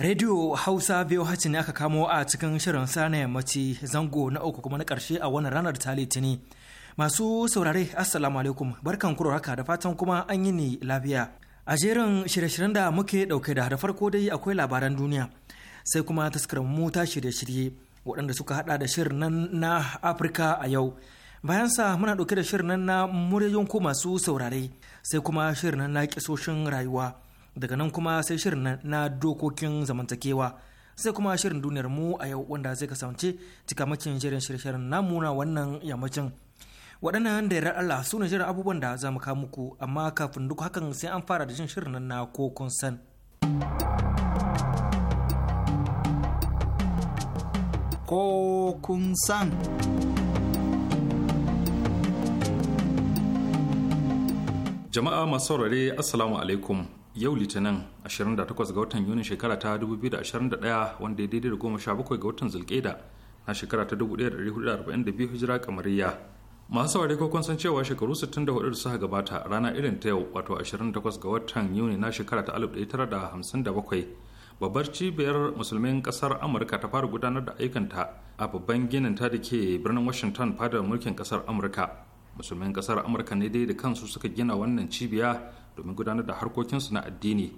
Radio Hausa VOH ne aka kamo a cikin shirin sa na yammaci zango na uku kuma na ƙarshe a wannan ranar ta Litini. Masu saurare Assalamu alaikum barkan kuro haka da fatan kuma an yi ni lafiya. A jerin shirye-shiryen da muke ɗauke da da farko dai akwai labaran duniya sai kuma taskar mu ta shirye-shirye waɗanda suka hada da shirin nan na Afirka a yau. bayansa muna ɗauke da shirin nan na muryoyin ku masu saurare sai kuma shirin nan na rayuwa. daga nan kuma sai shirin na dokokin zamantakewa sai kuma shirin duniyar mu a yau wanda zai kasance cikamakin shirin shirin namu na wannan yammacin waɗannan da yarar Allah su ne shirin abubuwan da za mu kawo muku amma kafin duk hakan sai an fara da jin shirin na kokon san kokun san jama'a masu saurare assalamu alaikum yau litinin 28 ga watan yuni shekara ta 2021 wanda ya daidai da 17 ga watan zulkeda na shekara ta 1442 hijira kamariya masu saurari ko kun san cewa shekaru 64 da suka gabata rana irin ta yau wato 28 ga watan yuni na shekara ta 1957 babbar cibiyar musulmin kasar amurka ta fara gudanar da aikanta a babban ginin ta da ke birnin washington fadar mulkin kasar amurka musulmin kasar amurka ne dai da kansu suka gina wannan cibiya domin gudanar da harkokinsu na addini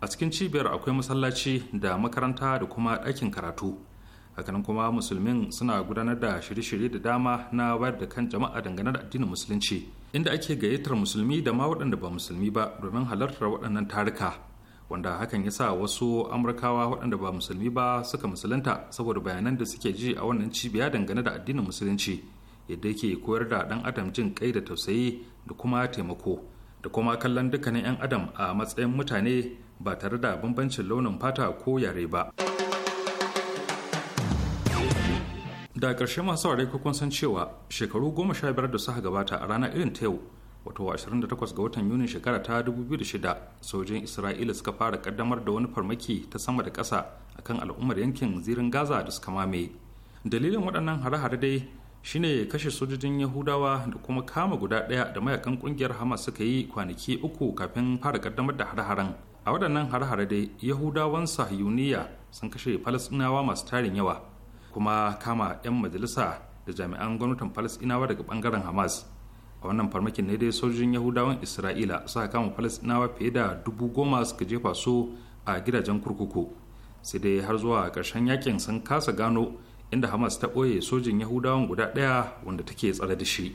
a cikin cibiyar akwai masallaci da makaranta da kuma ɗakin karatu hakanan kuma musulmin suna gudanar da shirye-shirye da dama na wayar da kan jama'a dangane da addinin musulunci inda ake gayyatar musulmi da ma waɗanda ba musulmi ba domin halartar waɗannan tarika wanda hakan ya sa wasu amurkawa waɗanda ba musulmi ba suka musulunta saboda bayanan da suke ji a wannan cibiya dangane da addinin musulunci yadda yake koyar da ɗan adam jin kai da tausayi da kuma taimako da kuma kallon dukkanin 'yan adam a matsayin mutane ba tare da bambancin launin fata ko yare ba da ƙarshe masu ware kukun san cewa shekaru goma sha biyar da suka gabata a ranar irin ta yau wato 28 ga watan yunin shekara ta 2006 sojin isra'ila suka fara kaddamar da wani farmaki ta sama da ƙasa akan al'ummar yankin zirin gaza da suka mame dalilin waɗannan hare-hare dai shine kashe sojojin yahudawa da kuma kama guda ɗaya da mayakan ƙungiyar hamas suka yi kwanaki uku kafin fara kaddamar da har-haren a waɗannan har-hare dai yahudawan sahiyuniya sun kashe Falasinawa masu tarin yawa kuma kama 'yan majalisa da jami'an gwamnatin Falasinawa daga ɓangaren hamas a wannan farmakin ne dai sojojin yahudawan isra'ila suka kama Falasinawa fiye da dubu goma suka jefa su a gidajen kurkuku sai dai har zuwa ƙarshen yakin sun kasa gano inda hamas ta ɓoye sojin yahudawan guda ɗaya wanda take tsare da shi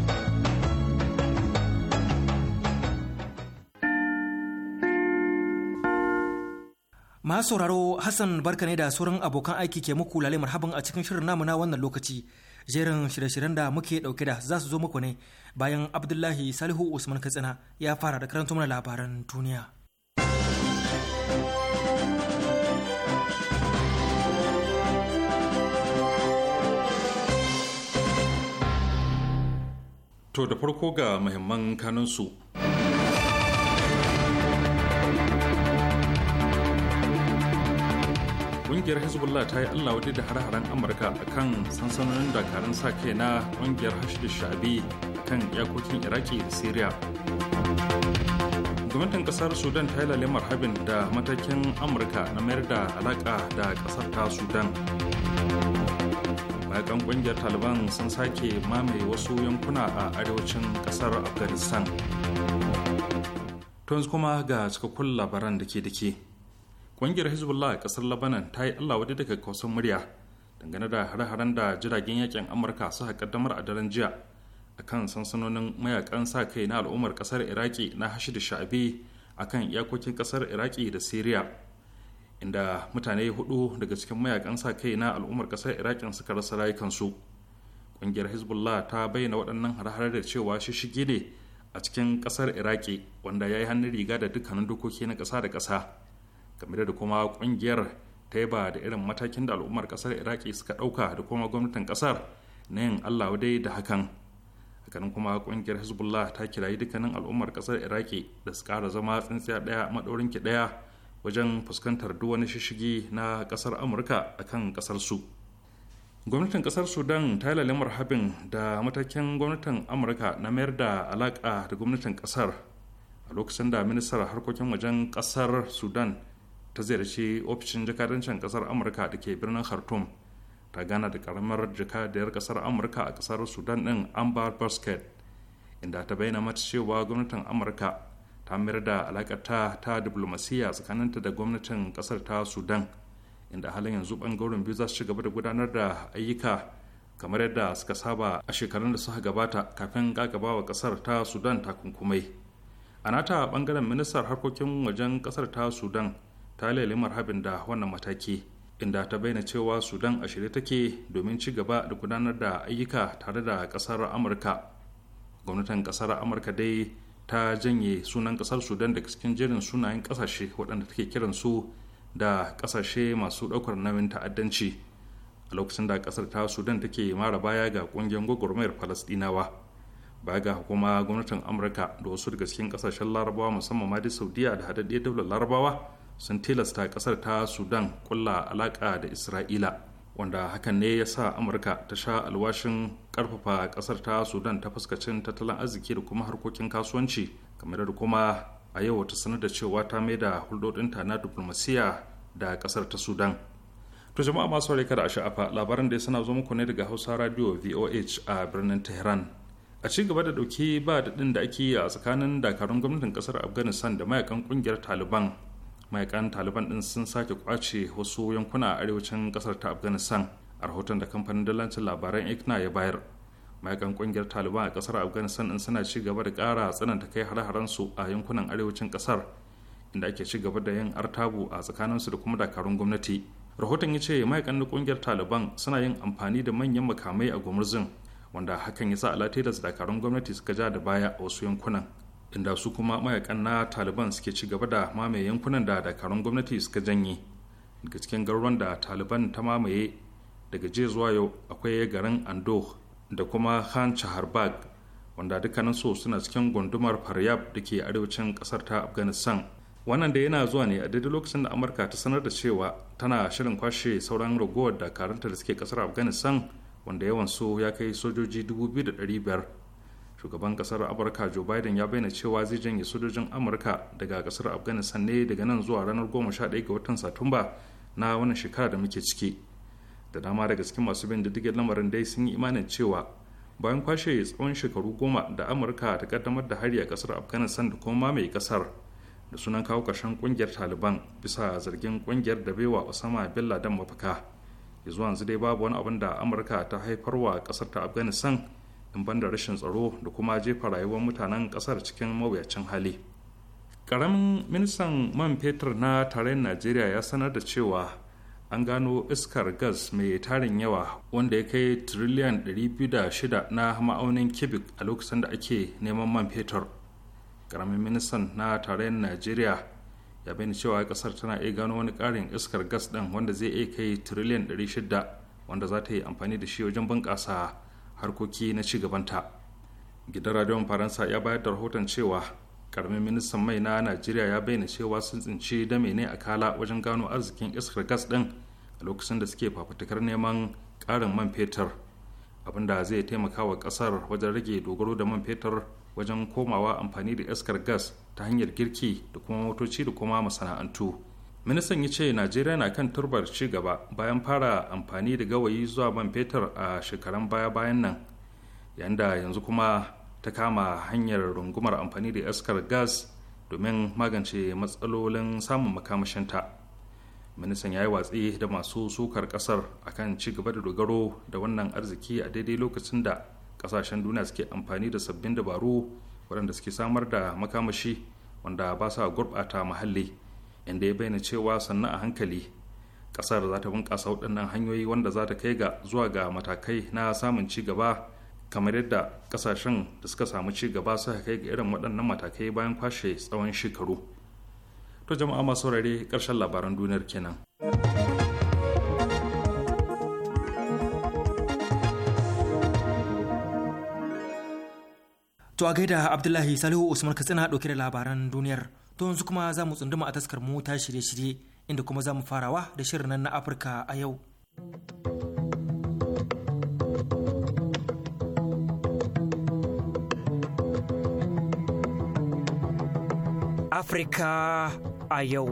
Masu sauraro Hassan barka ne da sauran abokan aiki ke muku lale marhaban a cikin shirin namu wannan lokaci. Jerin shirye-shiryen da muke dauke da za su zo muku ne bayan Abdullahi Salihu Usman Katsina ya fara da karanta mana labaran duniya. To da farko ga muhimman kanunsu. kungiyar hezbollah ta yi allah waje da har haren amurka a kan sansanonin dakarun sa kai na kungiyar hashidu shabi kan iyakokin iraki da syria gwamnatin kasar sudan ta yi lalemar harbin da matakin amurka na mayar da alaka da kasar ta sudan bayan kungiyar taliban sun sake mamaye wasu yankuna a arewacin kasar afghanistan Tun kuma ga cikakkun labaran da ke da ke ƙungiyar hezbollah a ƙasar labanan ta yi allah wadda daga kawasan murya dangane da hare-haren da jiragen yakin amurka suka kaddamar a daren jiya a kan sansanonin mayakan sa kai na al'ummar ƙasar iraki na hashid sha'abi kan iyakokin ƙasar iraki da Siriya. inda mutane hudu daga cikin mayakan sa kai na al'ummar kasar Iraki suka rasa rayukansu ƙungiyar hezbollah ta bayyana waɗannan har da cewa shige ne a cikin ƙasar iraki wanda ya yi hannun riga da dukkanin dokoki na ƙasa da ƙasa game da kuma kungiyar ta ba da irin matakin da al'ummar kasar iraki suka dauka da kuma gwamnatin kasar na yin allah dai da hakan hakanin kuma kungiyar hezbollah ta kirayi dukkanin al'ummar kasar iraki da su kara zama tsintsiya daya maɗaurin ki daya wajen fuskantar duk wani shishigi na kasar amurka akan kasar su gwamnatin kasar sudan ta yi habin da matakin gwamnatin amurka na mayar da alaka da gwamnatin kasar a lokacin da ministar harkokin wajen kasar sudan ta ziyarci ofishin jakadancin kasar amurka da ke birnin khartoum ta gana da karamar jakadiyar kasar amurka a kasar sudan din ambar basket inda ta bayyana mata cewa gwamnatin amurka ta mayar da alakata ta diplomasiya tsakaninta da gwamnatin kasar ta sudan inda halin yanzu bangaren biyu za su ci gaba da gudanar da ayyuka kamar yadda suka saba a shekarun da suka gabata kafin gagabawa kasar ta sudan takunkumai a nata bangaren ministar harkokin wajen kasar ta sudan ta laili marhabin da wannan mataki inda ta bayyana cewa sudan a shirye take domin ci gaba da gudanar da ayyuka tare da kasar amurka gwamnatin kasar amurka dai ta janye sunan kasar sudan daga cikin jerin sunayen kasashe waɗanda take kiran su da kasashe masu ɗaukar nauyin ta'addanci a lokacin da kasar ta sudan take mara baya ga ƙungiyar gwagwarmayar falastinawa baya ga kuma gwamnatin amurka da wasu daga cikin kasashen larabawa musamman ma dai saudiya da haɗaɗɗiyar daular larabawa sun tilasta kasar ta sudan kulla alaka da isra'ila wanda hakan ne ya sa amurka ta sha alwashin karfafa kasar ta sudan ta fuskacin tattalin arziki da kuma harkokin kasuwanci kamar da kuma a yau ta sanar da cewa ta mai da hulɗoɗinta na diplomasiya da kasar ta sudan to jama'a masu rika da sha'afa labaran da ya sana zo muku ne daga hausa radio voh a birnin tehran a ci gaba da dauki ba daɗin da ake yi a tsakanin dakarun gwamnatin kasar afghanistan da mayakan kungiyar taliban mayakan taliban din sun sake kwace wasu yankuna a arewacin kasar ta afghanistan a rahoton da kamfanin dalancin labaran ikna ya bayar mayakan kungiyar taliban a kasar afghanistan din suna ci gaba da kara tsananta kai hare-haren su a yankunan arewacin kasar inda ake ci gaba da yin artabu a tsakaninsu da kuma dakarun gwamnati rahoton ya ce mayakan na kungiyar taliban suna yin amfani da manyan makamai a gumurzin wanda hakan ya sa alatai da dakarun gwamnati suka ja da baya a wasu yankunan inda su kuma mayakan na taliban suke ci gaba da mamaye yankunan da dakarun gwamnati suka janye daga cikin garuruwan da taliban ta mamaye daga jiya zuwa yau akwai garin ando da kuma khan chaharbag wanda dukkanin su suna cikin gundumar faryab da ke arewacin kasar ta afghanistan wannan da yana zuwa ne a daidai lokacin da amurka ta sanar da cewa tana shirin kwashe sauran ragowar dakarunta da suke kasar afghanistan wanda yawan su ya kai sojoji 2,500 shugaban kasar amurka joe biden ya bayyana cewa zai janye sojojin amurka daga kasar afghanistan ne daga nan zuwa ranar 11 ga watan satumba na wannan shekara da muke ciki da dama daga cikin masu bin diddigin lamarin dai sun yi imanin cewa bayan kwashe tsawon shekaru goma da amurka ta kaddamar da hari a kasar afghanistan da kuma mamaye kasar da sunan kawo ƙarshen kungiyar taliban bisa zargin kungiyar da baiwa osama bin laden mafaka yanzu dai babu wani abin da amurka ta haifarwa kasar ta afghanistan in banda rashin tsaro da kuma jefa rayuwar mutanen kasar cikin mawuyacin hali karamin ministan man fetur na tarayyar najeriya ya sanar da cewa an gano iskar gas mai tarin yawa wanda ya kai tiriliyan 206 na ma'aunin cubic a lokacin da ake neman man fetur karamin ministan na tarayyar najeriya ya bayyana cewa kasar tana iya gano wani karin iskar gas ɗin wanda zai iya kai tiriliyan 600 wanda za ta yi amfani da shi wajen bunƙasa harkoki na cigabanta gidan radiyon faransa ya bayar da rahoton cewa karamin ministan mai na najeriya ya bayyana cewa sun tsinci da ne a kala wajen gano arzikin iskar gas din a lokacin da suke fafutukar neman karin man fetur abinda zai taimaka wa kasar wajen rage dogaro da man fetur wajen komawa amfani da iskar gas ta hanyar girki da kuma motoci da kuma masana'antu ministan ya ce najeriya na kan turbar ci gaba bayan fara amfani da gawayi zuwa man fetur a shekaran baya-bayan nan yayin da yanzu kuma ta kama hanyar rungumar amfani da iskar gas domin magance matsalolin samun makamashinta ministan ya yi watsi da masu sukar kasar akan ci gaba da dogaro da wannan arziki a daidai lokacin da kasashen duniya suke amfani da sabbin dabaru waɗanda suke samar da makamashi wanda ba sa gurɓata muhalli inda ya bayyana cewa sannan a hankali kasar za ta bunƙasa waɗannan hanyoyi wanda za ta kai ga zuwa ga matakai na samun ci gaba kamar yadda kasashen da suka samu ci gaba suka kai ga irin waɗannan matakai bayan kwashe tsawon shekaru to jama'a masu saurare ƙarshen labaran duniyar kenan to a gaida abdullahi salihu usman katsina dauke da labaran duniyar To yanzu kuma za mu tsunduma a taskar mu ta shirye-shirye inda kuma za mu farawa da shirin nan na Afirka a yau. Afirka a yau.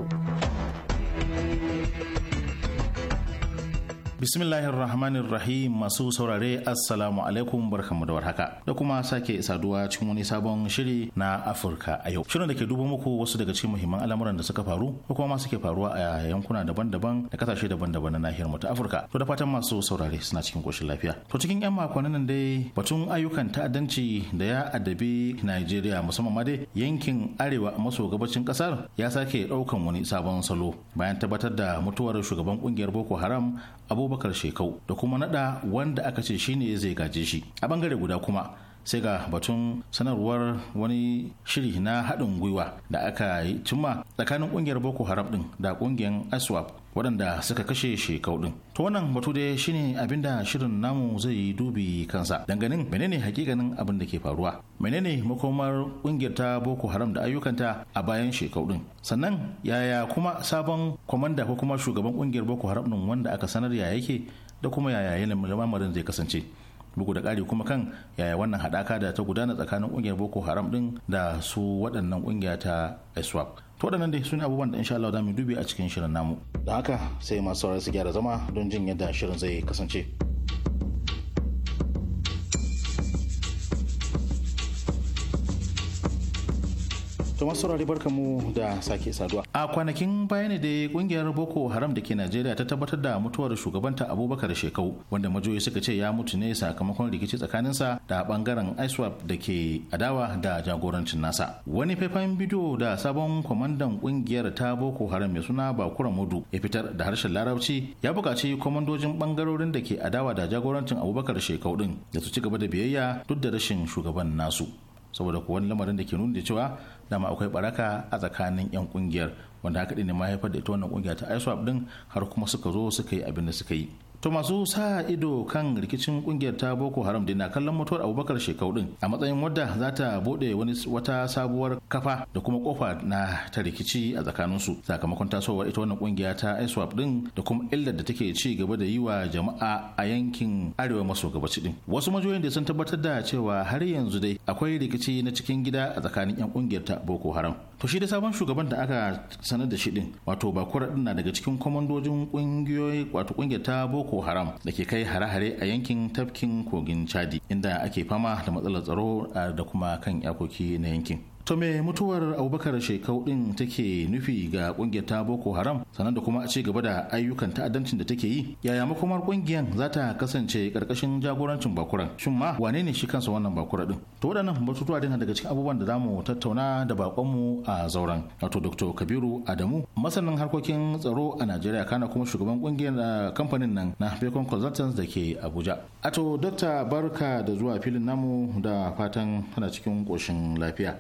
Bismillahir Rahmanir Rahim masu saurare Assalamu alaikum barkamu da warhaka da kuma sake saduwa cikin wani sabon shiri na Afirka a yau. Shirin da ke duba muku wasu daga cikin muhimman al'amuran da suka faru ko kuma suke faruwa a yankuna daban-daban da kasashe daban-daban na nahiyar mu ta Afirka. To da fatan masu saurare suna cikin koshin lafiya. To cikin yan makonnin nan dai batun ayyukan ta'addanci da ya addabi Najeriya musamman ma dai yankin arewa maso gabacin kasar ya sake daukan wani sabon salo bayan tabbatar da mutuwar shugaban kungiyar Boko Haram Abu abubakar shekau da kuma naɗa wanda aka ce shine zai gaje shi a bangare guda kuma sai ga batun sanarwar wani shiri na haɗin gwiwa da aka yi cimma tsakanin ƙungiyar boko haram ɗin da ƙungiyar aswap waɗanda suka kashe shekau ɗin. To wannan batu dai shine abin da shirin namu zai yi dubi kansa danganin menene hakikanin abin da ke faruwa menene makomar ƙungiyar ta Boko Haram da ayyukanta a bayan shekau ɗin sannan yaya kuma sabon kwamanda ko kuma shugaban ƙungiyar Boko Haram ɗin wanda aka sanar ya yake da kuma yaya yanayin lamarin zai kasance. bugu da ƙari kuma kan yaya wannan haɗaka da ta gudana tsakanin ƙungiyar boko haram ɗin da su waɗannan ƙungiya ta iswap to waɗannan dai sune abubuwan da insha Allah za mu dubi a cikin shirin namu da haka sai masu saurari su gyara zama don jin yadda shirin zai kasance. kuma saurari barka mu da sake saduwa. A kwanakin baya ne dai kungiyar Boko Haram da ke Najeriya ta tabbatar da mutuwar shugabanta Abubakar Shekau wanda majoyi suka ce ya mutu ne sakamakon rikici tsakaninsa da bangaren ISWAP da ke adawa da jagorancin nasa. Wani faifan bidiyo da sabon kwamandan kungiyar ta Boko Haram mai suna Bakura Mudu ya fitar da harshen Larabci ya buƙaci kwamandojin bangarorin da ke adawa da jagorancin Abubakar Shekau din da su ci gaba da biyayya duk da rashin shugaban nasu. saboda kuwan lamarin da ke nuna da cewa dama akwai baraka a tsakanin 'yan kungiyar wanda haka ne ma haifar da ita wannan kungiya ta iswap din har kuma suka zo suka yi abin da suka yi To masu sa ido kan rikicin kungiyar ta Boko Haram da na kallon mutuwar Abubakar shekau din a matsayin wadda za ta bude wata sabuwar kafa da kuma kofa na ta rikici a tsakanin su sakamakon tasowar ita wannan kungiya ta ISWAP din da kuma illar da take ci gaba da yiwa jama'a a yankin arewa maso gabaci din. Wasu majoyin da sun tabbatar da cewa har yanzu dai akwai rikici na cikin gida a tsakanin yan kungiyar ta Boko Haram. To shi da sabon shugaban da aka sanar da shi din wato Bakura din na daga cikin kwamandojin kungiyoyi wato kungiyar ta Boko boko haram da ke kai hare-hare a yankin tafkin kogin chadi inda ake fama da matsalar tsaro ah, da kuma kan yakoki na yankin To me mutuwar Abubakar Shekau din take nufi ga kungiyar ta Boko Haram sannan da kuma a ci gaba da ayyukan ta'addancin da take yi? Yaya makomar kungiyar za ta kasance karkashin jagorancin bakuran? Shin ma wane ne shi kansa wannan bakura din? To waɗannan batutuwa din daga cikin abubuwan da zamu tattauna da bakonmu a zauren. Wato Dr. Kabiru Adamu masanin harkokin tsaro a Najeriya kana kuma shugaban kungiyar eh, kamfanin nan na Bacon Consultants da ke Abuja. Ato Dr. Barka da zuwa filin namu da fatan tana cikin ƙoshin lafiya.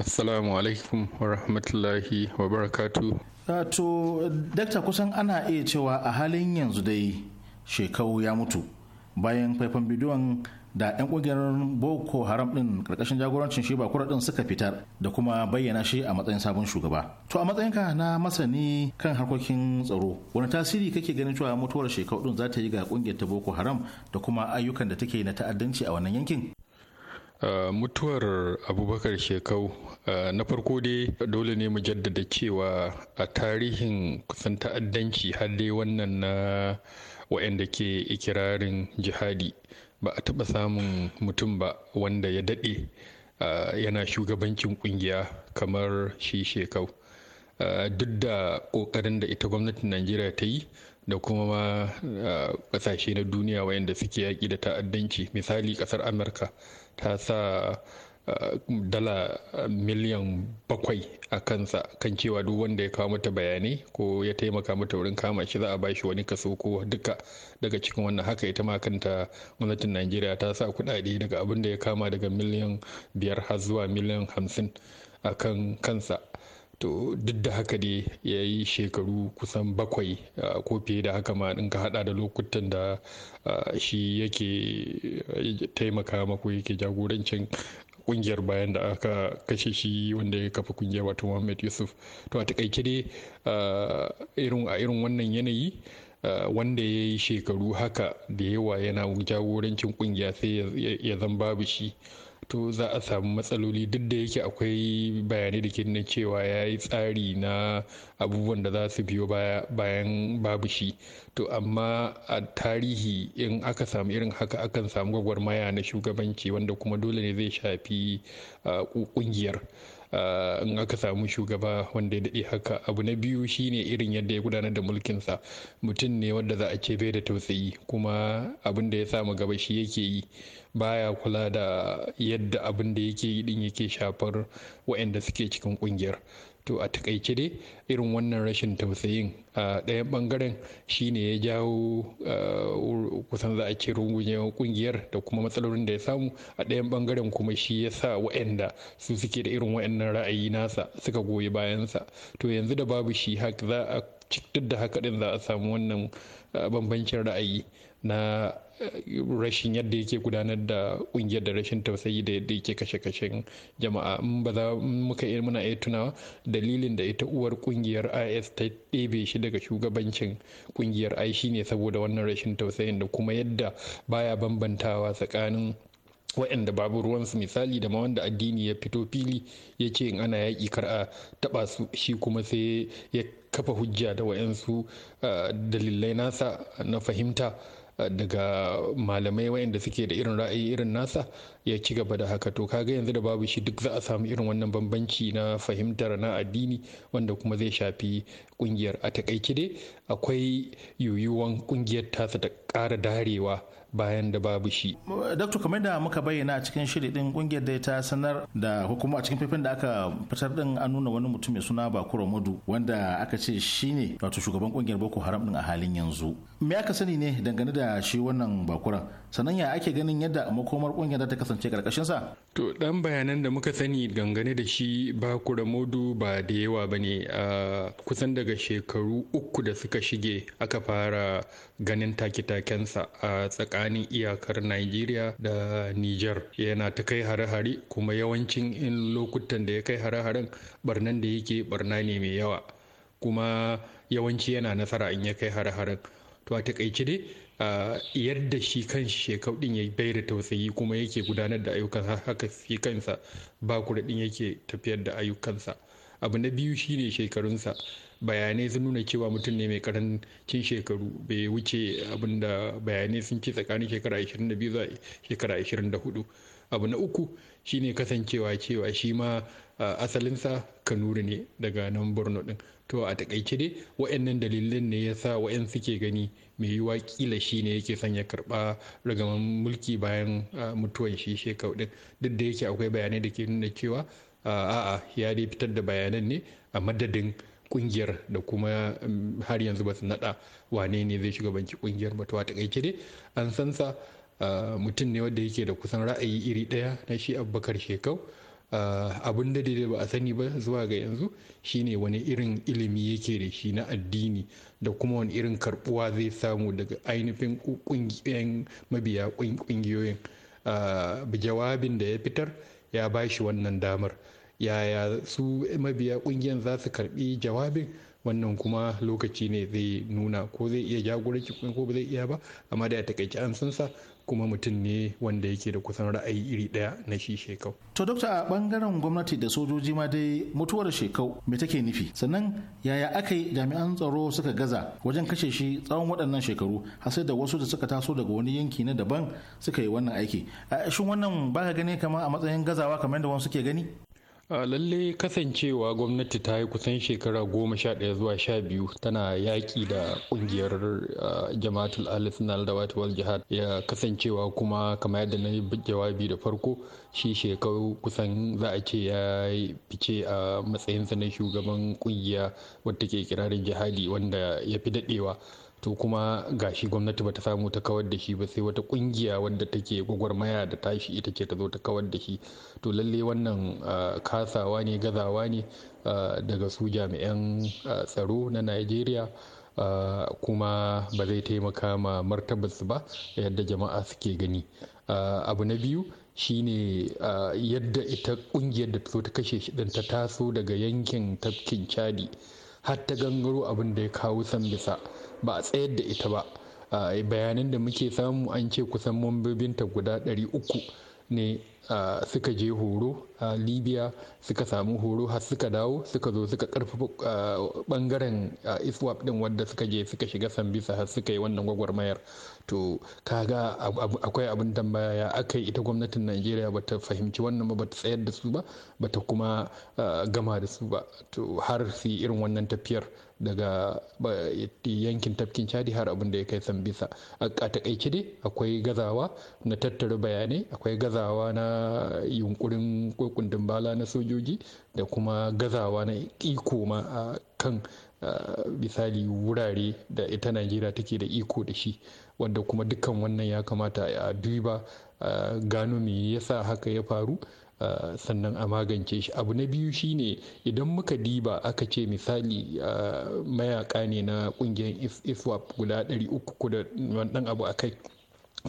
assalamu alaikum wa rahmatullahi wa barakatu to dakta kusan ana iya cewa a halin yanzu dai shekau ya mutu bayan faifan bidiyon da 'yan ƙungiyar boko haram din karkashin jagorancin shi bakura din suka fitar da kuma bayyana shi a matsayin sabon shugaba to a matsayinka na masani kan harkokin tsaro wani tasiri kake ganin cewa mutuwar shekau ɗin za ta yi ga kungiyar ta boko haram da kuma ayyukan da take na ta'addanci a wannan yankin mutuwar abubakar shekau na farko dai dole ne mu jaddada cewa a tarihin kusan ta'addanci har dai wannan na wa'inda ke ikirarin jihadi ba a taɓa samun mutum ba wanda ya daɗe yana shugabancin ƙungiya kamar shi shekau duk da ƙoƙarin da ita gwamnatin najeriya ta yi da kuma ma ƙasashe na duniya wayanda suke yaƙi da ta'addanci misali ƙasar amurka ta sa eh, dala miliyan bakwai a kansa kan cewa duk wanda ya kawo mata bayanai ko ya taimaka mata wurin kama shi za a bashi wani kaso ko duka daga cikin wannan haka ita ma kanta gwamnatin najeriya ta sa kudade daga abin da ya kama daga miliyan biyar har zuwa miliyan hamsin a kan kansa to duk da haka dai ya yi shekaru kusan bakwai ko fiye da haka ma in ka hada da lokutan da shi yake taimaka mako yake jagorancin kungiyar bayan da aka kashe shi wanda ya kafa kungiyar wato Muhammad Yusuf to a takaice dai a irin wannan yanayi wanda ya yi shekaru haka da yawa yana jagorancin kungiya sai ya zan babu shi to za a samu matsaloli duk da yake akwai bayanai da ke nuna cewa ya yi tsari na abubuwan da za su biyo bayan babu shi to amma a tarihi in aka samu irin haka akan samu gwagwarmaya na shugabanci wanda kuma dole ne zai shafi ah, ƙungiyar. Eh, in aka samu shugaba wanda ya daɗe haka abu na biyu shine irin yadda ya gudanar da mulkinsa mutum ne wanda za a ce bai da tausayi kuma abin da ya samu gaba shi yake yi baya kula da yadda abin da yake yi din yake shafar waɗanda suke cikin ƙungiyar to a takaice dai irin wannan rashin tausayin a ɗayan ɓangaren ne ya jawo kusan za a ce ƙungiyar, kungiyar da kuma matsalolin da ya samu a ɗayan ɓangaren kuma shi ya sa wa'anda su suke da irin wa'annan ra'ayi nasa suka goyi bayansa to yanzu da babu shi za a duk da haka ɗin za a samu wannan bambancin ra'ayi na rashin yadda yake gudanar da kungiyar da rashin tausayi da yadda yake kashe-kashen jama'a in ba za muka iya muna iya tunawa dalilin da ita uwar kungiyar is ta ɗebe shi daga shugabancin kungiyar ai shine saboda wannan rashin tausayin da kuma yadda baya bambantawa tsakanin waɗanda babu ruwansu misali da ma wanda addini ya fito fili ya ce in ana yaƙi kar a taɓa su shi kuma sai ya kafa hujja da waɗansu ah, dalilai nasa na fahimta Eh, daga malamai wayanda suke da irin ra'ayi irin nasa ya ci gaba da haka to kaga yanzu da babu shi duk za a samu irin wannan bambanci na fahimtar na addini wanda kuma zai shafi kungiyar a takaice dai akwai yiwuwan kungiyar tasa ta ƙara darewa bayan da babu shi. Dr. kamar da muka bayyana a cikin shiri din kungiyar da ta sanar da hukuma a cikin faifin da aka fitar din an nuna wani mutum mai suna Bakura Madu wanda aka ce shi ne wato shugaban kungiyar Boko Haram din a halin yanzu. Me aka sani ne dangane da shi wannan Bakuran? Sannan ya ake ganin yadda makomar kungiyar ta kasance karkashin sa? To dan bayanan da muka sani dangane da shi Bakura Madu ba da yawa bane a kusan daga shekaru uku da suka shige aka fara ganin take-takensa a tsakanin tsakanin iyakar Najeriya da Nijar yana ta kai hare-hare kuma yawancin in lokutan da ya kai hare-haren barnan da yake barna ne mai yawa kuma yawanci yana nasara in ya kai hare-haren to a takaice dai yadda shi kan shekau din ya bai da tausayi kuma yake gudanar da ayyukan haka shi kansa ba kudin yake tafiyar da ayyukansa abu na biyu shine shekarunsa bayanai sun nuna cewa mutum ne mai karancin shekaru bai wuce abinda bayanai sun ce tsakanin shekara 22 zuwa shekara 24 abu na uku shine kasancewa cewa shi ma asalinsa kanuri ne daga nan borno din to a takaice dai wa'annan dalilin ne yasa wa'yan suke gani mai yiwa kila shi ne yake son ya karba ragaman mulki bayan mutuwan shi shekau din duk da yake akwai bayanai da ke nuna cewa a'a ya dai fitar da bayanan ne a madadin kungiyar da kuma um, har yanzu ba su nada wane ne zai banki kungiyar ba to a takaice dai an san sa uh, mutum ne wanda yake da kusan ra'ayi iri daya na shi abubakar shekau uh, abun da dai-dai ba a sani ba zuwa ga yanzu shine wani irin ilimi yake da shi na addini da kuma wani irin karbuwa zai samu daga ainihin kungiyoyin mabiya kungiyoyin uh, jawabin da ya fitar ya ba shi wannan damar yaya su mabiya ƙungiyar za su karɓi jawabin wannan kuma lokaci ne zai nuna ko zai iya jagoranci ko ba zai iya ba amma da ya takaici an san sa kuma mutum ne wanda yake da kusan ra'ayi iri daya na shi shekau. To dokta a bangaren gwamnati da sojoji ma dai mutuwar shekau me take nufi sannan yaya aka yi jami'an tsaro suka gaza wajen kashe shi tsawon waɗannan shekaru har sai da wasu da suka taso daga wani yanki na daban suka yi wannan aiki shin wannan ba gani kamar a matsayin gazawa kamar yadda wasu suke gani? lalle kasancewa gwamnati ta yi kusan shekara goma sha ɗaya zuwa sha biyu tana yaƙi da ƙungiyar jama'atul alisunal da wata jihad ya kasancewa kuma kamar yadda na yi jawabi da farko shi shekaru kusan za a ce ya fice a matsayinsa na shugaban ƙungiya wadda ke kirarin jihadi wanda ya fi daɗewa to kuma gashi gwamnati bata samu ta kawar da shi ba sai wata kungiya wadda take gwagwarmaya da tashi ita ce ta zo ta kawar da shi to lalle wannan kasawa ne gazawa ne daga su jami'an tsaro na najeriya kuma ba zai taimaka ma martabas ba yadda jama'a suke gani abu na biyu shine ne yadda ita kungiyar da ta kashe shidan ta taso daga yankin tafkin chadi har ta gangaro abin da ya kawo san bisa ba a tsayar da ita ba bayanan da muke samu an ce kusan mambobinta guda ɗari uku ne suka je horo a libya suka samu horo har suka dawo suka zo suka karfafa bangaren iswap din wadda suka je suka shiga sambisa har suka yi wannan gwagwarmayar to kaga akwai abin tambaya ya aka yi ita gwamnatin najeriya ba ta fahimci wannan ba ta tsayar da su ba ba ta kuma gama da su ba to har su yi irin wannan tafiyar daga yankin tafkin chadi har abin da ya kai bisa. a takaice dai akwai gazawa na tattara bayanai akwai gazawa na yunkurin kundin bala na sojoji da kuma gazawa na iko ma a kan misali wurare da ita najeriya take da iko da shi wanda kuma dukkan wannan ya kamata a duba gano me yasa haka ya faru sannan a magance shi abu na biyu shine idan muka diba aka ce misali mayaka ne na kungiyar iswap guda 300 da dan abu a kai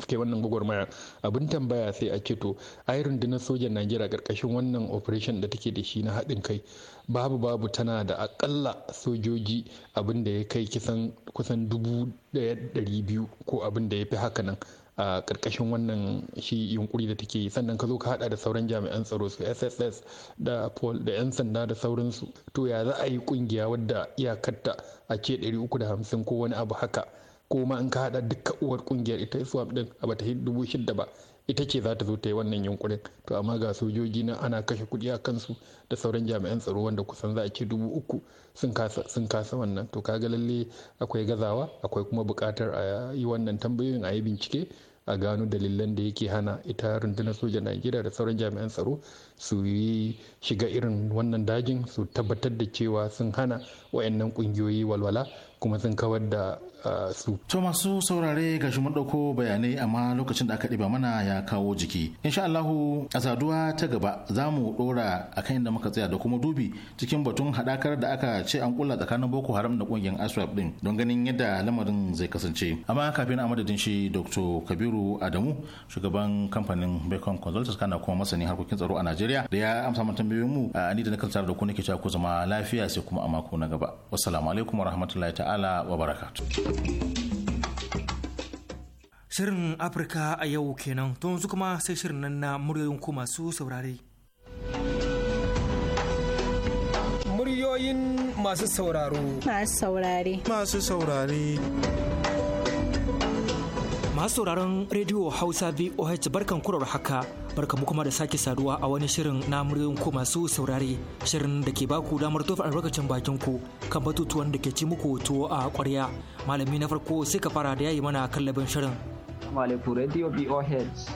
suke wannan gwagwarmaya abin tambaya sai a ce to ai rundunar sojan najeriya karkashin wannan operation da take da shi na haɗin kai babu babu tana da akalla sojoji abin da ya kai kisan kusan dubu biyu ko abin da ya fi haka nan a karkashin wannan shi yunkuri da take yi sannan ka zo ka hada da sauran jami'an tsaro su sss da pol da 'yan sanda da sauransu to ya za a yi kungiya wadda iyakarta a ce 350 ko wani abu haka ko ma in ka hada duka uwar kungiyar ita swap din a bata dubu shidda ba ita ce za ta zo ta yi wannan yunkurin to amma ga sojoji na ana kashe kuɗi a kansu da sauran jami'an tsaro wanda kusan za a ce dubu uku sun kasa wannan to kaga lalle akwai gazawa akwai kuma bukatar a yi wannan tambayoyin a yi bincike a gano dalilan da yake hana ita rundunar sojan Najeriya da sauran jami'an tsaro su yi shiga irin wannan dajin su tabbatar da cewa sun hana wayannan kungiyoyi walwala kuma sun kawar da su. To masu saurare ga shi mun ɗauko bayanai amma lokacin da aka ɗiba mana ya kawo jiki. Insha Allahu a saduwa ta gaba za mu ɗora a kan inda muka tsaya da kuma dubi cikin batun haɗakar da aka ce an kula tsakanin Boko Haram da ƙungiyar Aswap ɗin don ganin yadda lamarin zai kasance. Amma kafin a madadin shi Dr. Kabiru Adamu shugaban kamfanin Bacon Consultants kana kuma masani harkokin tsaro a Najeriya da ya amsa mun tambayoyin mu a ni da na kasance da ku nake cewa ku zama lafiya sai kuma a mako na gaba. Wassalamu alaikum wa rahmatullahi ta'ala wa barakatuh. Shirin Afirka a yau kenan, to yanzu kuma sai shirin nan na muryoyin ku masu saurare. Muryoyin masu sauraro. Masu saurare. Masu saurare. Masu sauraron rediyo Hausa VOH barkan kurar haka. barka mu kuma da sake saduwa a wani shirin na muryoyin ku masu saurare shirin da ke baku damar tofa albarkacin bakin ku kan batutuwan da ke ci muku tuwo a kwarya malami na farko sai ka fara da yayi mana kallabin shirin. Assalamu alaikum Radio BOH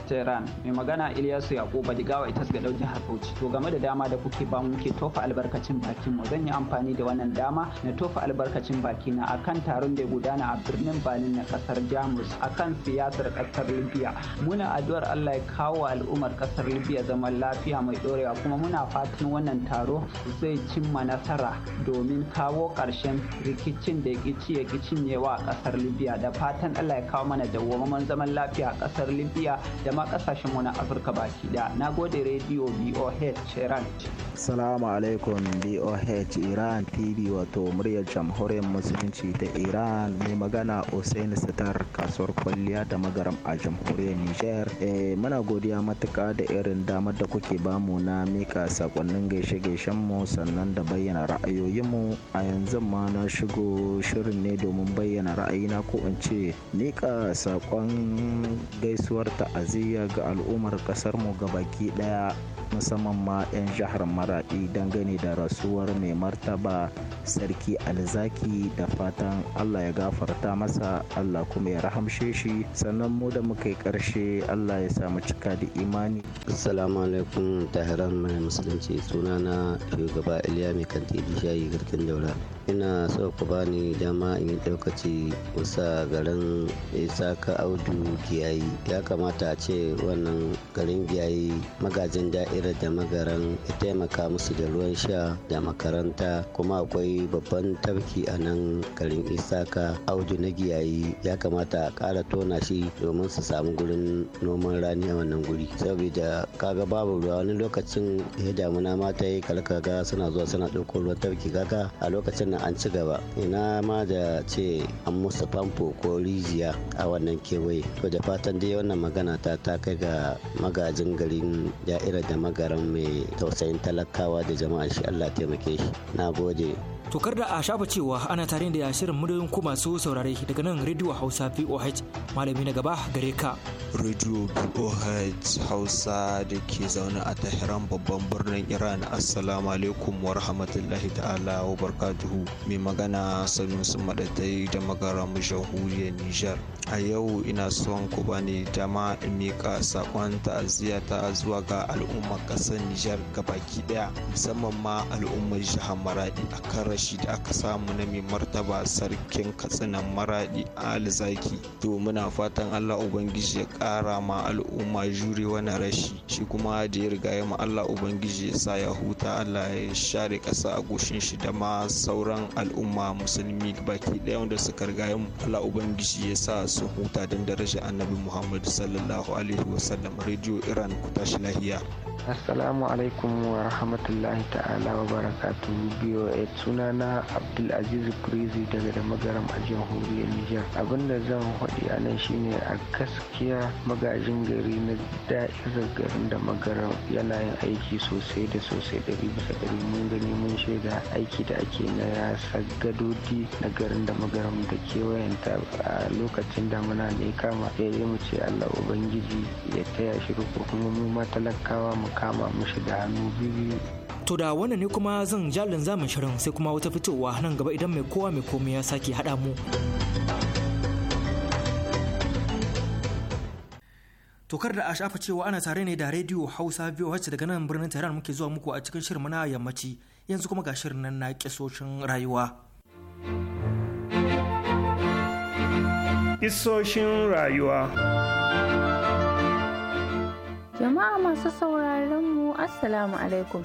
Tehran mai magana Ilyasu Yakuba Digawa ita ga dauki Bauchi to game da dama da kuke ba muke tofa albarkacin baki mu zan yi amfani da wannan dama na tofa albarkacin baki na akan taron da ya gudana a birnin Berlin na kasar Jamus akan siyasar kasar Libya muna addu'ar Allah ya kawo al'ummar kasar Libya zaman lafiya mai dorewa kuma muna fatan wannan taro zai cimma nasara domin kawo ƙarshen rikicin da ya kici ya cinyewa a kasar Libya da fatan Allah ya kawo mana dawwammamen zaman zaman lafiya a ƙasar libya da ma ƙasashen mu na afirka baki da na gode rediyo boh iran salamu alaikum boh iran tv wato muryar jamhuriyar musulunci ta iran mai magana hussein sitar kasuwar kwalliya da magaram a jamhuriyar niger eh, muna godiya matuka da irin damar da kuke bamu na mika sakonnin gaishe-gaishen mu sannan da bayyana ra'ayoyinmu a yanzu ma na shigo shirin ne domin bayyana ra'ayina ko in ce mika sakon domin gaisuwar ta'aziyya ga al'ummar kasar mu gabaki ɗaya musamman ma 'yan jihar maraɗi dangane da rasuwar mai martaba sarki alzaki da fatan allah ya gafarta masa allah kuma ya rahamshe shi sannan mu da muka yi karshe allah ya samu cika da imani assalamu alaikum tahiran mai musulunci sunana shugaba iliya mai kanti shayi garkin daura ina so ku bani dama in yi ɗaukaci kusa garin isaka audu giyayi ya kamata a ce wannan garin giyayi magajin da'irar da magaran ya taimaka musu da ruwan sha da makaranta kuma akwai babban tarki a nan garin isaka audu na giyayi ya kamata a kara tona shi domin su samu gurin noman rani a wannan guri saboda kaga babu ruwa wani lokacin ya damuna ma ta yi kalkaga suna zuwa suna ɗauko ruwan tarki kaga a lokacin na an ci gaba ina ma da ce an musu famfo ko rijiya a wannan kewaye to da fatan dai wannan magana ta ta kai ga magajin garin da'ira da magaran mai tausayin talakawa da jama'a shi allah taimake shi na gode Tokar da a shafa cewa ana tare da shirin muryoyin ku masu saurare daga nan Radio Hausa VOH malami na gaba gare ka. Radio VOH Hausa da ke zaune a Tehran babban birnin Iran Assalamu alaikum wa rahmatullahi ta'ala wa barkatuhu mai magana sun Madatai da mu jamhuriyar Nijar. A yau ina son ku ne dama in miƙa saƙon ta'aziyya ta zuwa ga al'ummar ƙasar Nijar gabaki ɗaya musamman ma al'ummar jihar Maradi a kan shi da aka samu na mai martaba sarkin katsinan maradi ali zaki to muna fatan allah ubangiji ya kara ma al'umma jure wani rashi shi kuma da ya riga ya ma allah ubangiji ya sa ya huta allah ya share kasa a goshin shi da ma sauran al'umma musulmi baki daya wanda suka riga mu allah ubangiji ya sa su huta don daraja annabi muhammadu sallallahu alaihi wasallam radio iran ku tashi lahiya assalamu alaikum wa rahmatullahi ta'ala wa barakatuhu biyo suna sunana abdulaziz crazy daga da magaram a jamhuriyar niger abinda zan faɗi a nan shine a gaskiya magajin gari na da'irar garin da magaram yana yin aiki sosai da sosai ɗari bisa ɗari mun gani mun shaida aiki da ake na ya gadodi na garin da magaram da kewayenta a lokacin da muna ne kama ɗaya mu ce allah ubangiji ya taya shi ko kuma mu matalakawa mu kama mushi da hannu biyu To da wannan ne kuma zan jalin zamun shirin sai kuma wata fitowa nan gaba idan mai kowa mai komai ya sake haɗa mu. Tokar da a shafa cewa ana tare ne da rediyo Hausa biyu wacce daga nan birnin Tehran muke zuwa muku a cikin shirin na yammaci yanzu kuma ga shirin nan na kisoshin rayuwa. isoshin rayuwa. Jama'a masu sauraron mu Assalamu alaikum.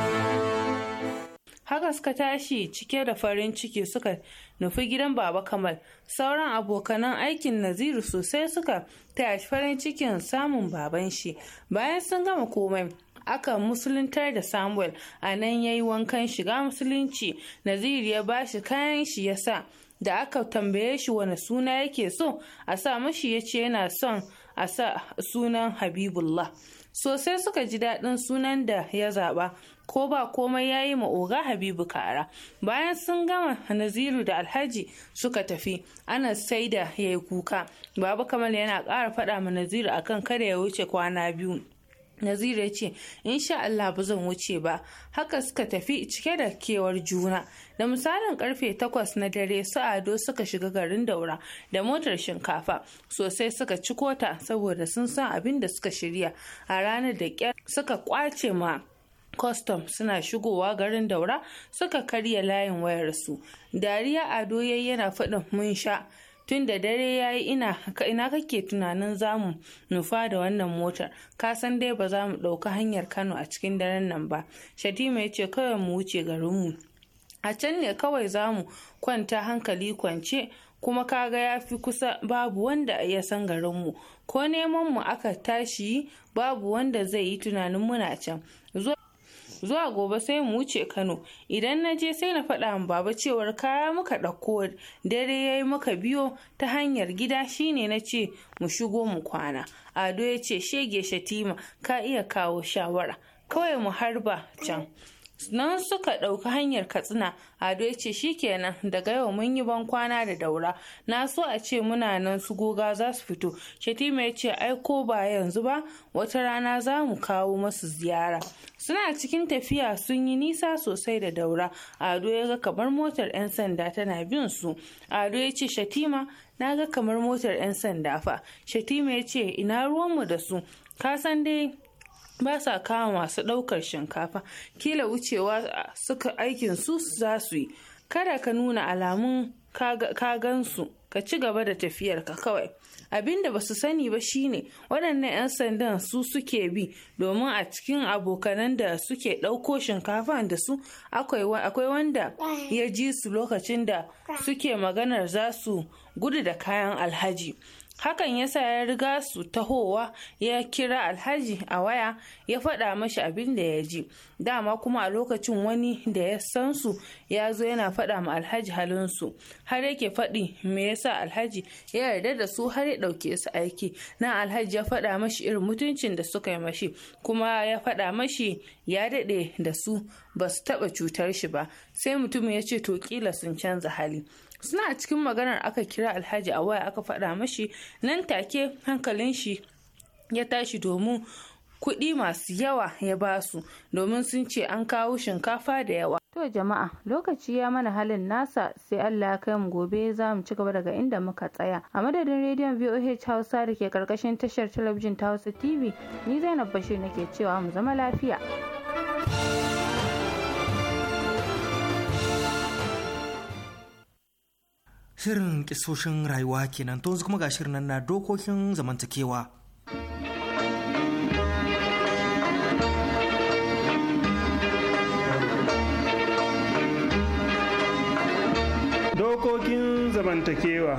haka suka tashi cike da farin ciki suka nufi gidan baba kamal sauran abokanan aikin naziru sosai suka taya farin cikin samun baban shi bayan sun gama komai aka musuluntar da samuel a nan ya yi wankan shiga musulunci naziru ya bashi kayan shi ya sa da aka tambaye shi wani suna yake so a sa mashi ya ce yana son a sa sunan habibullah sosai suka ji daɗin sunan da ya zaɓa ko ba komai ya yi oga habibu kara bayan sun gama naziru da alhaji suka tafi ana sai da ya yi kuka Babu kamal yana ƙara faɗa ma naziru akan kada ya wuce kwana biyu Naziru ya ce, sha Allah ba zan wuce ba, haka suka tafi cike da kewar juna. Da misalin karfe takwas na dare su ado suka shiga garin daura da motar shinkafa sosai suka ci kota saboda sun san abin da suka shirya a ranar da ƙyar suka kwace ma kwastam suna shigowa garin daura suka karya layin wayarsu dariya ado yayi yana faɗin mun sha tun da dare ya yi ina kake tunanin zamu nufa da wannan motar ka san dai ba za mu ɗauka hanyar kano a cikin daren nan ba shatima ya ce kawai mu wuce garinmu a can ne kawai zamu kwanta hankali kwance kuma kaga ya fi kusa babu wanda ya san garinmu ko neman mu aka tashi babu wanda zai yi tunanin muna can zuwa gobe sai mu wuce kano idan na je sai na faɗa min baba cewar kaya muka ɗauko dare ya yi muka biyo ta hanyar gida shine na ce mu shigo mu kwana ado ya ce shege shatima ka iya kawo shawara kawai mu harba can nan suka ɗauki hanyar katsina ado ya ce shikenan daga yau mun yi ban kwana da daura na so a ce muna nan su goga za su fito shatima ya ce ai ko ba yanzu ba wata rana za mu kawo masu ziyara suna cikin tafiya sun yi nisa sosai da daura ado ya ga kamar motar 'yan sanda tana bin su ado ya ce shatima na ga kamar motar 'yan sanda fa shatima ya ce ina ruwanmu da su ka san dai ba sa kama masu ɗaukar shinkafa kila wucewa suka aikin su za su yi kada ka nuna alamun kagansu ka ci gaba da tafiyarka kawai abin da su sani ba shine waɗannan 'yan sandan su suke bi domin a cikin abokanan da suke ɗauko shinkafa da su akwai wanda ya ji su lokacin da suke maganar za su gudu da kayan alhaji hakan ya sa ya riga su tahowa ya kira alhaji a waya ya faɗa mashi abin da ya ji dama kuma a lokacin wani da ya san su ya zo yana faɗa ma alhaji halinsu har yake faɗi me yasa alhaji ya yarda da su har ya ɗauke su aiki na alhaji ya faɗa mashi irin mutuncin da suka yi mashi kuma ya faɗa mashi ya daɗe da su ba su taɓa cutar shi ba sai mutum ya ce to kila sun canza hali suna cikin maganar aka kira alhaji a waya aka faɗa mashi nan take hankalin shi ya tashi domin kuɗi masu yawa ya ba su domin sun ce an kawo shinkafa da yawa To jama'a lokaci ya mana halin nasa sai Allah ya kai mu gobe za mu ci gaba daga inda muka tsaya. A madadin rediyon VOH Hausa da ke karkashin tashar talabijin ta Hausa TV ni Zainab Bashir nake cewa mu zama lafiya. Shirin kisoshin rayuwa kenan to yanzu kuma ga shirin nan na dokokin zamantakewa. Dokokin zamantakewa.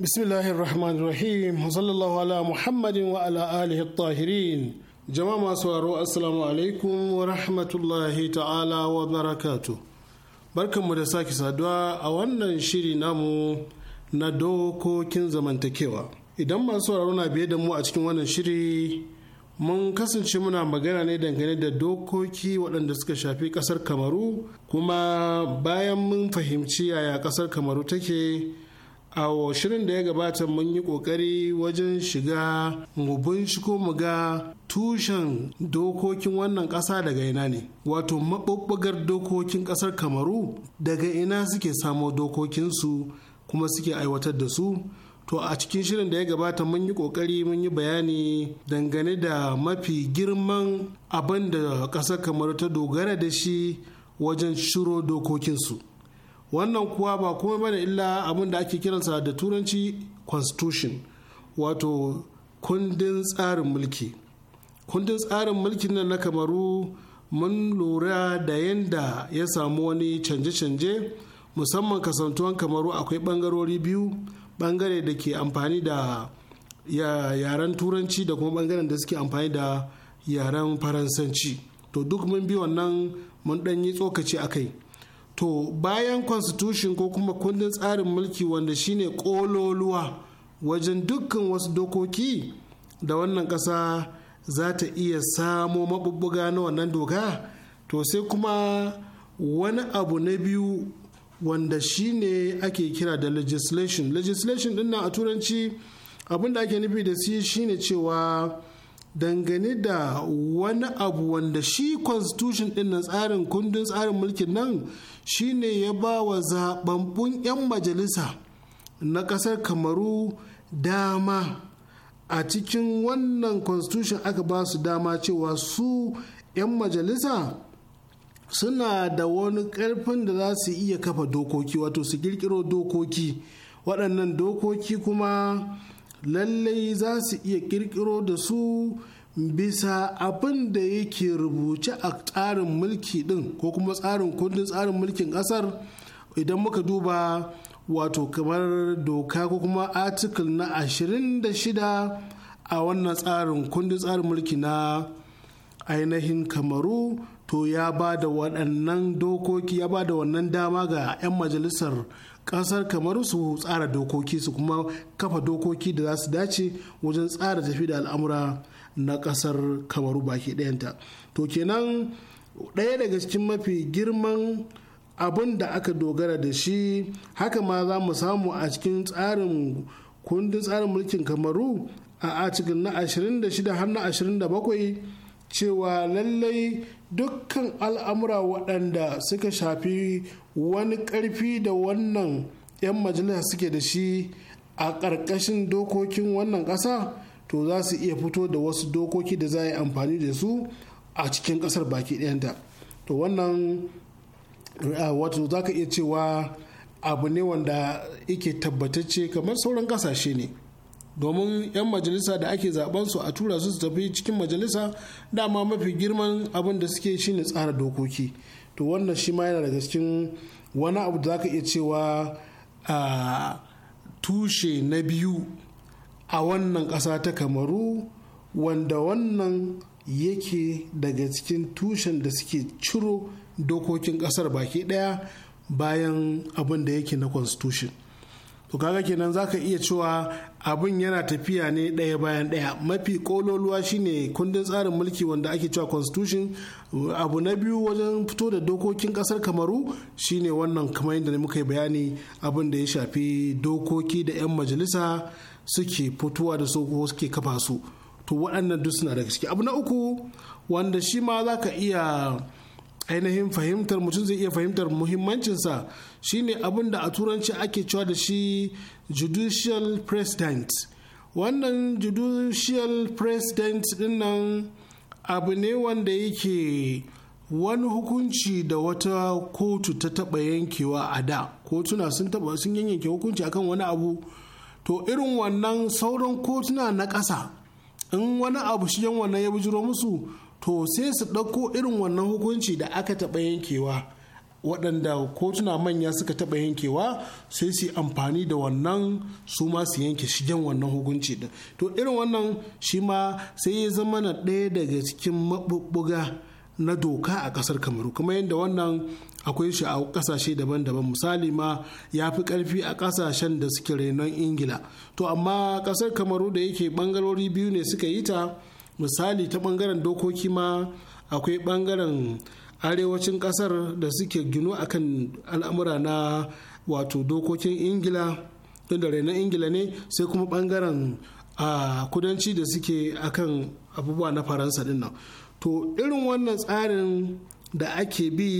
Bismillahir Rahmanir Rahim, sallallahu ala Muhammadin wa ala alihi tahirin. Jama'a masu waro, Assalamu alaikum wa rahmatullahi ta'ala wa barakatuh. barkanmu da sake saduwa a wannan shiri namu na dokokin zamantakewa idan masu sauraro na biye da mu a cikin wannan shiri mun kasance muna magana ne dangane da dokoki waɗanda suka shafi ƙasar kamaru kuma bayan mun fahimci yaya ƙasar kamaru take a shirin da ya gabata mun yi kokari wajen shiga mu binciko mu ga tushen dokokin wannan ƙasa daga ina ne wato maɓuɓɓugar dokokin ƙasar kamaru daga ina suke samo dokokinsu kuma suke aiwatar da su to a cikin shirin da ya gabata mun yi kokari mun yi bayani dangane da mafi girman abin da ƙasar kamaru ta dogara da shi wajen shiro dokokinsu wannan kuwa ba kuma bane illa abin da ake kiransa da turanci constitution wato kundin tsarin mulki kundin tsarin mulkin nan na kamaru mun lura da yadda ya samu wani canje-canje musamman kasantuwan kamaru akwai bangarori biyu bangare da ke amfani da yaren turanci da kuma bangaren da suke amfani da yaren faransanci to duk mun bi wannan mun ɗan yi tsokaci a kai to bayan constitution ko kuma kundin tsarin mulki wanda shine kololuwa wajen dukkan wasu dokoki da wannan kasa za ta iya samo maɓuɓɓuga na wannan doka to sai kuma wani abu na biyu wanda shine ake kira da legislation legislation din a turanci abinda ake nufi da shi shine cewa dangane da wani abu wanda shi constitution din na tsarin kundin tsarin mulkin nan shine ya ba wa zababbun 'yan majalisa na ƙasar kamaru dama a cikin wannan constitution aka ba su dama cewa su 'yan majalisa suna da wani ƙarfin da za su iya kafa dokoki wato su kirkiro dokoki waɗannan dokoki kuma lallai za su iya kirkiro da su bisa abin da yake rubuce a tsarin mulki din ko kuma tsarin kundin tsarin mulkin kasar idan muka duba wato kamar doka ko kuma article na 26 a wannan tsarin kundin tsarin mulki na ainihin kamaru to ya ba da waɗannan dokoki ya ba da wannan dama ga 'yan majalisar ƙasar kamar su tsara dokoki su kuma kafa dokoki da za su dace wajen tsara tafi da al'amura na ƙasar kamaru baki ɗayanta to kenan ɗaya daga cikin mafi girman abin da aka dogara da shi haka ma za mu samu a cikin tsarin kundin tsarin mulkin kamaru a cikin na 26 har na 27 cewa lallai dukkan al'amura waɗanda suka shafi wani ƙarfi da wannan 'yan majalisa suke da shi a ƙarƙashin dokokin wannan ƙasa to za su iya fito da wasu dokoki da za a yi amfani da su a cikin ƙasar baki ɗayanta to wannan wato za ka iya cewa abu ne wanda yake tabbatacce kamar sauran ƙasashe ne domin 'yan majalisa da ake zaben su a tura su su tafi cikin majalisa dama mafi girman abin da suke shine tsara dokoki to wannan shi ma yana daga cikin wani abu da zaka iya cewa a tushe na biyu a wannan ƙasa ta kamaru wanda wannan yake daga cikin tushen da suke ciro dokokin ƙasar baki ɗaya bayan abin da yake na constitution to kaga kenan zaka iya cewa abin yana tafiya ne ɗaya bayan ɗaya mafi kololuwa shine kundin tsarin mulki wanda ake cewa constitution abu na biyu wajen fito da dokokin kasar kamaru shine wannan kamar yadda muka yi bayani abin da ya shafi dokoki da 'yan majalisa suke fitowa da su ko suke kafa su to waɗannan duk suna daga ciki abu na uku wanda shi ma zaka iya ainihin fahimtar mutum zai iya fahimtar muhimmancinsa shine abin da a turanci ake cewa da shi judicial president wannan judicial president dinnan abu ne wanda yake wani hukunci da wata kotu ta taba yankewa a da kotuna sun taba sun yanke hukunci akan wani abu to irin wannan sauran kotuna na ƙasa in wani abu shi wannan ya bujiro musu to sai su ɗauko irin wannan hukunci da aka taɓa yankewa waɗanda kotuna manya suka taɓa yankewa sai su amfani da wannan su ma su yanke shigen wannan hukunci ɗin to irin wannan shi ma sai ya zama na ɗaya daga cikin maɓuɓɓuga na doka a ƙasar kamaru kuma yadda wannan akwai shi a ƙasashe daban-daban misali ma ya fi ƙarfi a ƙasashen da suke renon ingila to amma ƙasar kamaru da yake ɓangarori biyu ne suka yi ta misali ta bangaren dokoki ma akwai bangaren arewacin kasar da suke gino akan al'amura na wato dokokin ingila da na ingila ne sai kuma bangaren a kudanci da suke akan abubuwa na faransa din nan to irin wannan tsarin da ake bi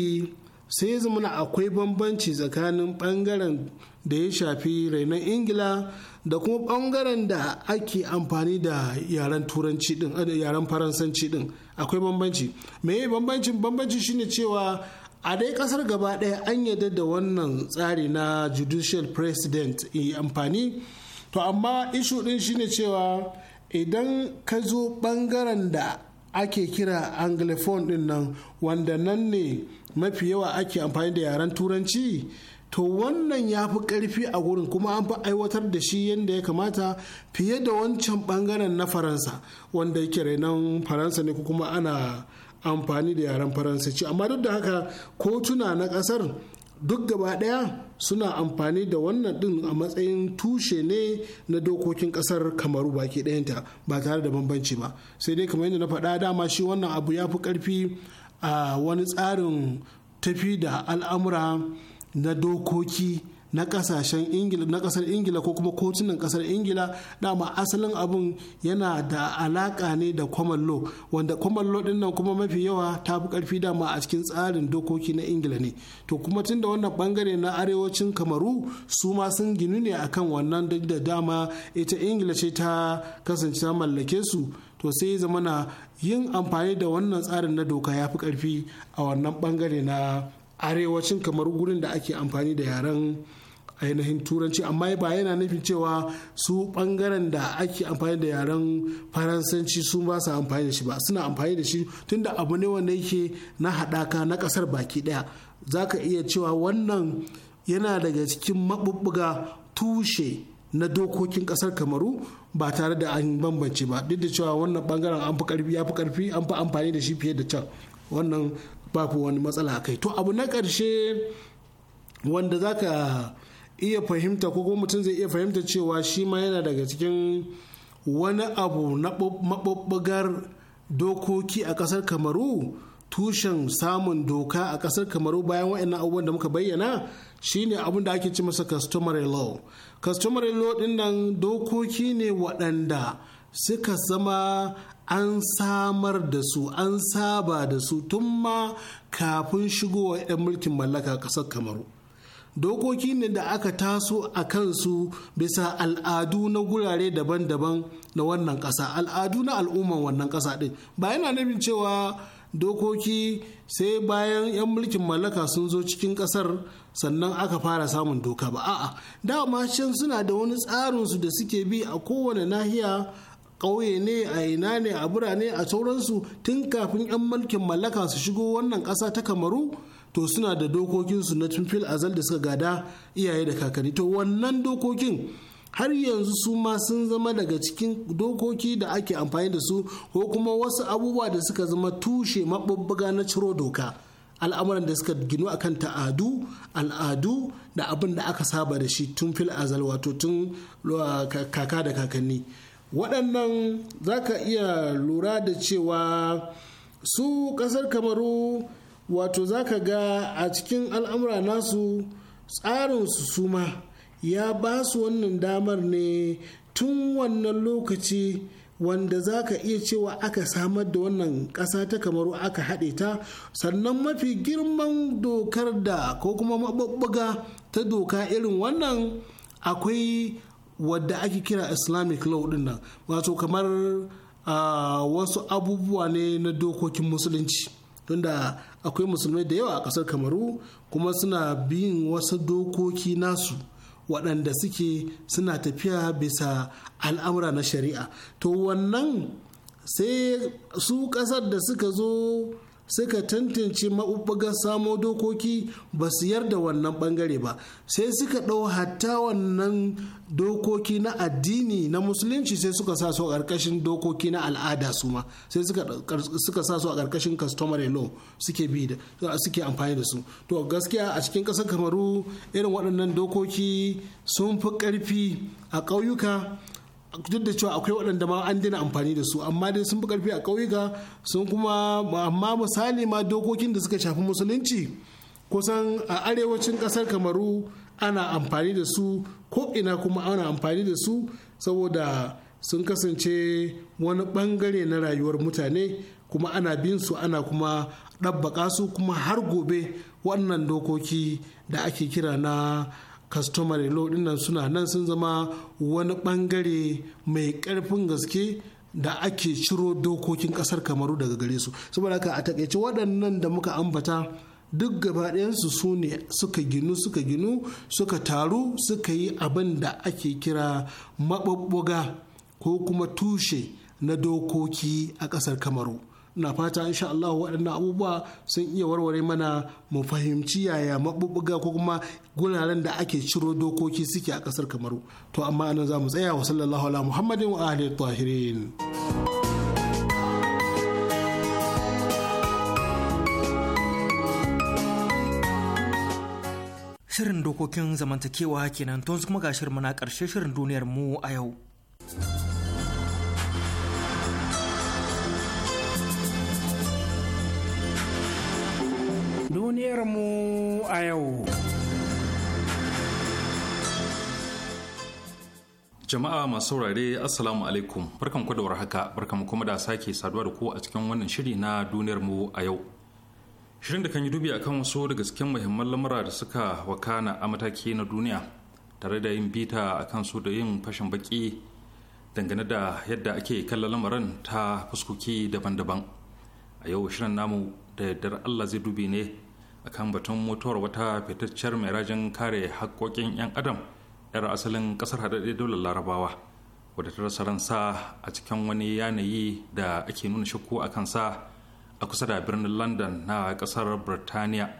sai zama akwai bambanci tsakanin bangaren da ya shafi rainon ingila da kuma bangaren da ake amfani da yaren turanci din eh, yaren faransanci din akwai bambanci me bambancin bambanci shine cewa a dai kasar gaba ɗaya an yarda da wannan tsari na judicial president yi eh, amfani to amma ishu din shine cewa idan ka zo bangaren da ake kira anglophone din nan wanda nan ne mafi yawa ake amfani da yaren turanci to wannan ya fi ƙarfi a gurin kuma an fi aiwatar da shi yadda ya kamata fiye da wancan bangaren na faransa wanda yake renon faransa ne kuma ana amfani da yaren faransanci amma duk da haka kotuna na ƙasar duk gaba ɗaya suna amfani da wannan ɗin a matsayin tushe ne na dokokin ƙasar kamaru baki ɗayanta ba tare da bambanci ba sai dai kamar yadda na faɗa dama shi wannan abu ya fi ƙarfi a wani tsarin tafi da al'amura na dokoki na kasashen ingila na kasar ingila ko kuma kotunan kasar ingila dama asalin abun yana da alaka ne da kwamallo wanda kwamallo din nan kuma mafi yawa ta fi karfi dama a cikin tsarin dokoki na ingila ne to kuma tun da wannan bangare na arewacin kamaru su ma sun ginu ne akan wannan duk da dama ita ingila ce ta kasance ta mallake su to sai zamana yin amfani da wannan tsarin na doka ya fi karfi a wannan bangare na arewacin kamar gurin da ake amfani da yaren ainihin turanci amma ba yana nufin cewa su bangaren da ake amfani da yaren faransanci sun ba su amfani da shi ba suna amfani da shi tunda abu ne wanda yake na haɗaka na ƙasar baki ɗaya za ka iya cewa wannan yana daga cikin maɓuɓɓuga tushe na dokokin ƙasar kamaru ba tare da an bambance ba duk da cewa wannan bangaren an fi ƙarfi fi ƙarfi an fi amfani da shi fiye da can wannan ba wani matsala kai to abu na ƙarshe wanda za ka iya fahimta ko kuma mutum zai iya fahimta cewa shi ma yana daga cikin wani abu na maɓuɓɓugar dokoki a ƙasar kamaru tushen samun doka a ƙasar kamaru bayan wa'annan abubuwan da muka bayyana shine abin da ake ci masa customary law customary law ɗin dokoki ne waɗanda suka zama an samar da su an saba da su tun ma kafin shigowa 'yan mulkin mallaka ƙasar kamaru dokoki ne da aka taso a kansu bisa al'adu na gurare daban-daban na wannan ƙasa al'adu na al'umman wannan ƙasa ɗin ba yana nufin cewa dokoki sai bayan 'yan mulkin mallaka sun zo cikin ƙasar sannan aka fara samun doka ba a'a dama can suna da wani tsarinsu da suke bi a kowane nahiya ƙauye ne a ina ne a birane a sauransu tun kafin 'yan mulkin mallaka su shigo wannan ƙasa ta kamaru to suna da dokokinsu na tun azal da suka gada iyaye da kakanni to wannan dokokin har yanzu su ma sun zama daga cikin dokoki da ake amfani da su ko kuma wasu abubuwa da suka zama tushe maɓuɓɓuga na ciro doka al'amuran da suka ginu kan ta'adu al'adu da abin da aka saba da shi tun fil azal wato tun uh, kaka da kakanni waɗannan za ka iya lura da cewa su ƙasar kamaru wato za ka ga a cikin al'amura nasu tsarinsu su suma ya ba su wannan damar ne tun wannan lokaci wanda za ka iya cewa aka samar da wannan ƙasa ta kamaru aka haɗe ta sannan mafi girman dokar da ko kuma maɓaɓɓuga ta doka irin wannan akwai wadda ake kira islamic law din nan wato kamar wasu abubuwa ne na dokokin musulunci tunda akwai musulmai da yawa a kasar kamaru kuma suna biyin wasu dokoki nasu waɗanda suke suna tafiya bisa al'amura na shari'a to wannan sai su ƙasar da suka zo suka tantance maɓuɓɓugan samo dokoki ba su yarda wannan ɓangare ba sai suka ɗau hatta wannan dokoki na addini na musulunci sai suka sa su a ƙarƙashin dokoki na al'ada su ma sai suka sa su a ƙarƙashin customary law suke bi da suke amfani da su to gaskiya a cikin ƙasar kamaru irin waɗannan dokoki sun fi ƙarfi a ƙauyuka duk da cewa akwai waɗanda ma an daina amfani da su amma dai sun fi karfi a ƙauyuka sun kuma amma misali ma dokokin da suka shafi musulunci kusan a arewacin ƙasar kamaru ana amfani da su ko ina kuma ana amfani da su saboda sun kasance wani ɓangare na rayuwar mutane kuma ana bin su ana kuma ɗabbaƙa su kuma har gobe wannan dokoki da ake kira na customary law dinnan suna nan sun zama wani bangare mai karfin gaske da ake ciro dokokin kasar kamaru daga gare su saboda haka a takaice waɗannan da muka ambata duk gaba su ne suka ginu suka ginu suka taru suka yi abin da ake kira mababbuga ko kuma tushe na dokoki a ƙasar kamaru na fata insha Allah waɗannan abubuwa sun iya warware mana mu fahimci yaya mabubuga ko kuma guraren da ake ciro dokoki suke a ƙasar kamaru to amma anan za mu tsaya wa sallallahu ala muhammadin wa ahli tahirin Shirin dokokin zamantakewa kenan tun kuma ga shirin muna ƙarshe shirin duniyar mu a yau. mu a yau. Jama'a masu saurare Assalamu alaikum barkan ku da warhaka barkan kuma da sake saduwa da ku a cikin wannan shiri na duniyar mu a yau. Shirin da kan yi dubi akan wasu daga cikin muhimman lamura da suka wakana a mataki na duniya tare da yin bita a kan su da yin fashin baki dangane da yadda ake kallon lamarin ta fuskoki daban-daban. A yau shirin namu da yaddar Allah zai dubi ne akan batun mutuwar wata fitacciyar mai rajin kare haƙƙoƙin 'yan adam 'yar asalin ƙasar haɗaɗɗe daular larabawa wadda ta rasa ransa a cikin wani yanayi da ake nuna shakku a kansa a kusa da birnin london na ƙasar birtaniya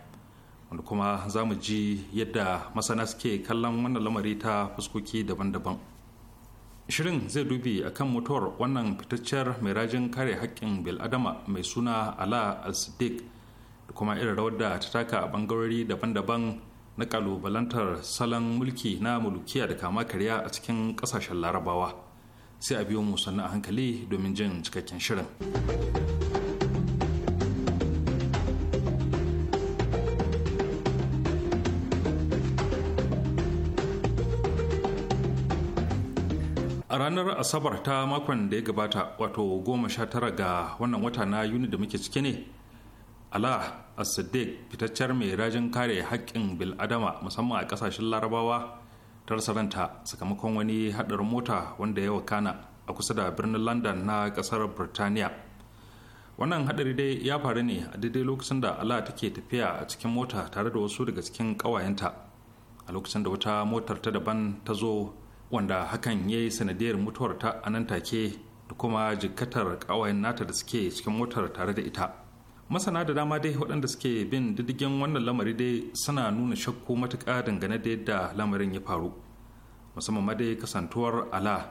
wanda kuma za mu ji yadda masana suke kallon wannan lamari ta fuskoki daban-daban shirin zai dubi akan mutuwar wannan fitacciyar mai rajin kare haƙƙin bil'adama mai suna ala al-siddiq da kuma irin rawar da ta taka a bangarori daban-daban na kalubalantar salon mulki na mulkiya da kama karya a cikin kasashen larabawa sai a biyo mu sannu a hankali domin jin cikakken shirin a ranar asabar ta makon da ya gabata wato 19 ga wannan wata na yuni da muke cike ne Allah as-siddiq fitaccen mai rajin kare haƙƙin bil'adama musamman a ƙasashen larabawa ta rasa sakamakon wani haɗarin mota wanda ya wakana a kusa da birnin london na ƙasar birtaniya wannan haɗari dai ya faru ne a daidai lokacin da ala take tafiya a cikin mota tare da wasu daga cikin ƙawayenta a lokacin da wata motar ta daban ta zo wanda hakan ya yi sanadiyar mutuwar ta a nan take da kuma jikkatar ƙawayen nata da suke cikin motar tare da ita masana da dama dai waɗanda suke bin diddigin wannan lamari dai suna nuna shakku matuƙa dangane da yadda lamarin ya faru musamman ma dai kasantuwar ala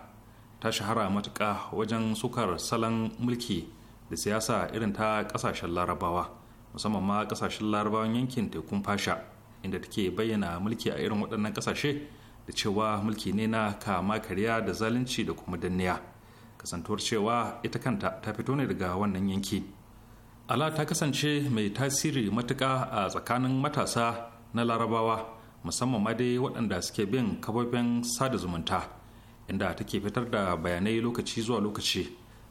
ta shahara matuƙa wajen sukar salon mulki da siyasa irin ta ƙasashen larabawa musamman ma ƙasashen larabawan yankin tekun fasha inda take bayyana mulki a irin waɗannan ƙasashe da cewa mulki ne na kama karya da zalunci da kuma danniya kasantuwar cewa ita kanta ta fito ne daga wannan yanki ala ta kasance mai tasiri matuka a tsakanin matasa na larabawa musamman ma dai waɗanda suke bin kafafen sada zumunta inda take fitar da bayanai lokaci zuwa lokaci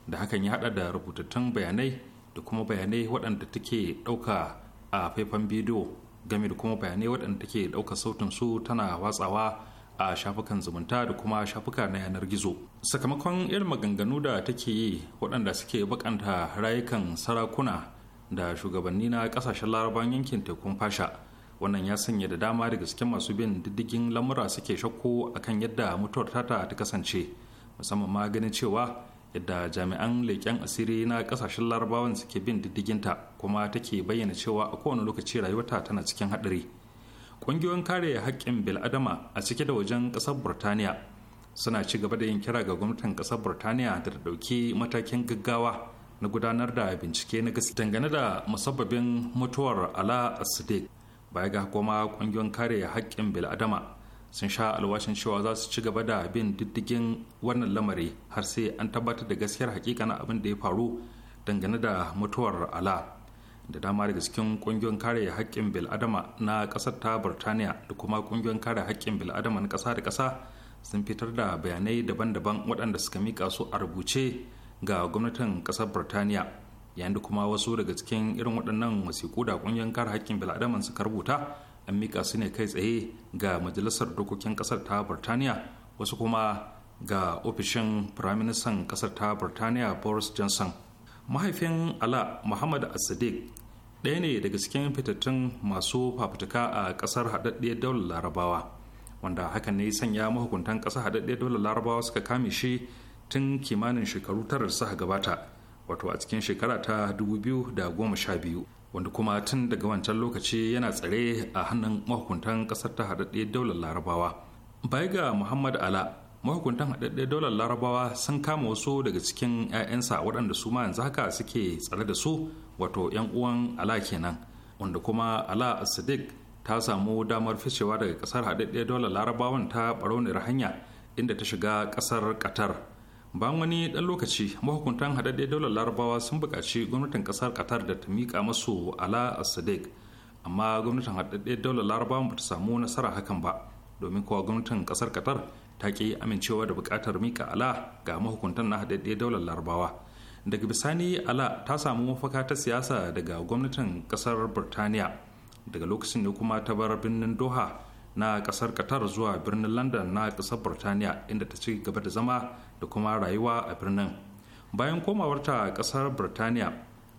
da hakan ya haɗa da rubutattun bayanai da kuma bayanai waɗanda take ɗauka a faifan bidiyo game da kuma bayanai waɗanda take ɗauka sautin su tana watsawa a shafukan zumunta da kuma shafuka na yanar gizo sakamakon irin maganganu da take yi waɗanda suke bakanta rayukan sarakuna da shugabanni na ƙasashen laraban yankin tekun fasha wannan ya sanya da dama daga cikin masu bin diddigin lamura suke shakku akan yadda mutuwar tata ta kasance musamman ma ganin cewa yadda jami'an leƙen asiri na ƙasashen larabawan suke bin diddiginta kuma take bayyana cewa a kowane lokaci rayuwarta tana cikin haɗari ƙungiyoyin kare haƙƙin bil'adama a cike da wajen ƙasar burtaniya suna ci gaba da yin kira ga gwamnatin ƙasar burtaniya da ta ɗauki matakin gaggawa na gudanar da bincike na gaske dangane da musabbabin mutuwar ala asidik baya ga kuma ƙungiyoyin kare haƙƙin bil'adama sun sha alwashin cewa za su ci gaba da bin diddigin wannan lamari har sai an tabbatar da gaskiyar na abin da ya faru dangane da mutuwar ala da dama daga cikin kungiyoyin kare haƙƙin bil'adama na ƙasar ta burtaniya da kuma kungiyoyin kare haƙƙin bil'adama na ƙasa da ƙasa sun fitar da bayanai daban-daban waɗanda suka mika su a rubuce ga gwamnatin ƙasar burtaniya yayin da kuma wasu daga cikin irin waɗannan wasiƙu da kungiyoyin kare haƙƙin bil'adama suka rubuta an mika su ne kai tsaye ga majalisar dokokin ƙasar ta burtaniya wasu kuma ga ofishin firaministan ƙasar ta burtaniya boris johnson mahaifin ala muhammad as ɗaya ne daga cikin fitattun masu fafutuka a ƙasar haɗaɗɗiyar daular larabawa wanda hakan ne sanya mahukuntan ƙasar haɗaɗɗiyar daular larabawa suka kame shi tun kimanin shekaru tara da suka gabata wato a cikin shekara ta da goma sha biyu. wanda kuma tun daga wancan lokaci yana tsare a hannun mahukuntan ƙasar ta haɗaɗɗiyar daular larabawa baya ga muhammad ala mahukuntan haɗaɗɗe dolar larabawa sun kama wasu daga cikin 'ya'yansa waɗanda su ma yanzu haka suke tsare da su wato 'yan uwan ala kenan wanda kuma ala sadiq ta samu damar ficewa daga ƙasar haɗaɗɗe dolar larabawan ta barauniyar hanya inda ta shiga ƙasar qatar bayan wani ɗan lokaci mahukuntan haɗaɗɗe dolar larabawa sun buƙaci gwamnatin ƙasar qatar da ta miƙa masu ala sadiq amma gwamnatin haɗaɗɗe dolar larabawan ba ta samu nasara hakan ba domin kuwa gwamnatin ƙasar qatar ta amincewa da bukatar mika ala ga mahukuntan na haɗaɗɗe daular larabawa daga bisani ala ta samu mafaka ta siyasa daga gwamnatin ƙasar birtaniya daga lokacin ne kuma ta bar birnin doha na ƙasar qatar zuwa birnin london na ƙasar birtaniya inda ta ci gaba da zama da kuma rayuwa a birnin bayan komawarta ƙasar birtaniya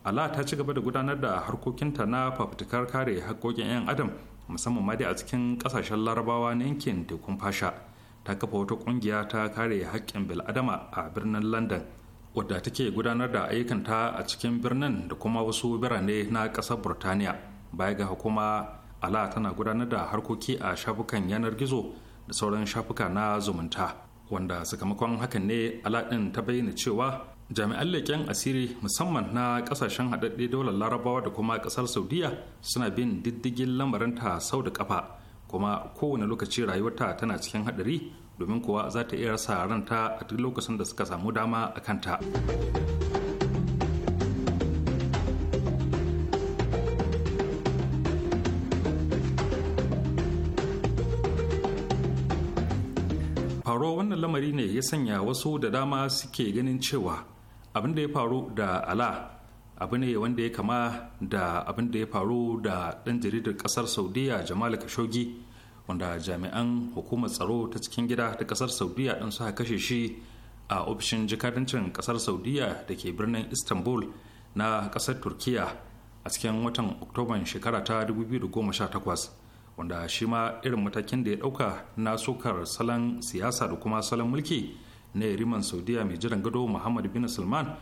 ala ta ci gaba da gudanar da harkokinta na fafutukar kare haƙƙoƙin 'yan adam musamman ma dai a cikin ƙasashen larabawa na yankin tekun fasha ta kafa wata kungiya ta kare haƙƙin bil'adama a birnin london wadda take gudanar da ayyukanta a cikin birnin da kuma wasu birane na ƙasar burtaniya baya ga hukuma ala tana gudanar da harkoki a shafukan yanar gizo da sauran shafuka na zumunta wanda sakamakon hakan ne ala ɗin ta bayyana cewa jami'an leƙen asiri musamman na ƙasashen haɗaɗɗe daular larabawa da kuma ƙasar saudiya suna bin diddigin lamarinta sau da ƙafa kuma kowane lokaci rayuwarta tana cikin hadari domin kuwa za ta iya rasa ranta a duk lokacin da suka samu dama a kanta. faro wannan lamari ne ya sanya wasu da dama suke ganin cewa abin da ya faru da ala abu ne wanda ya kama da abin da ya faru da ɗan jaridar ƙasar saudiya jamal khashoggi wanda jami'an hukumar tsaro ta cikin gida ta ƙasar saudiya ɗin suka kashe shi a ofishin jikadancin ƙasar saudiya da ke birnin istanbul na ƙasar turkiya a cikin watan oktoban shekara ta 2018 wanda shi ma irin matakin da ya ɗauka na sukar salon siyasa da kuma salon mulki na yariman saudiya mai jiran gado muhammad bin salman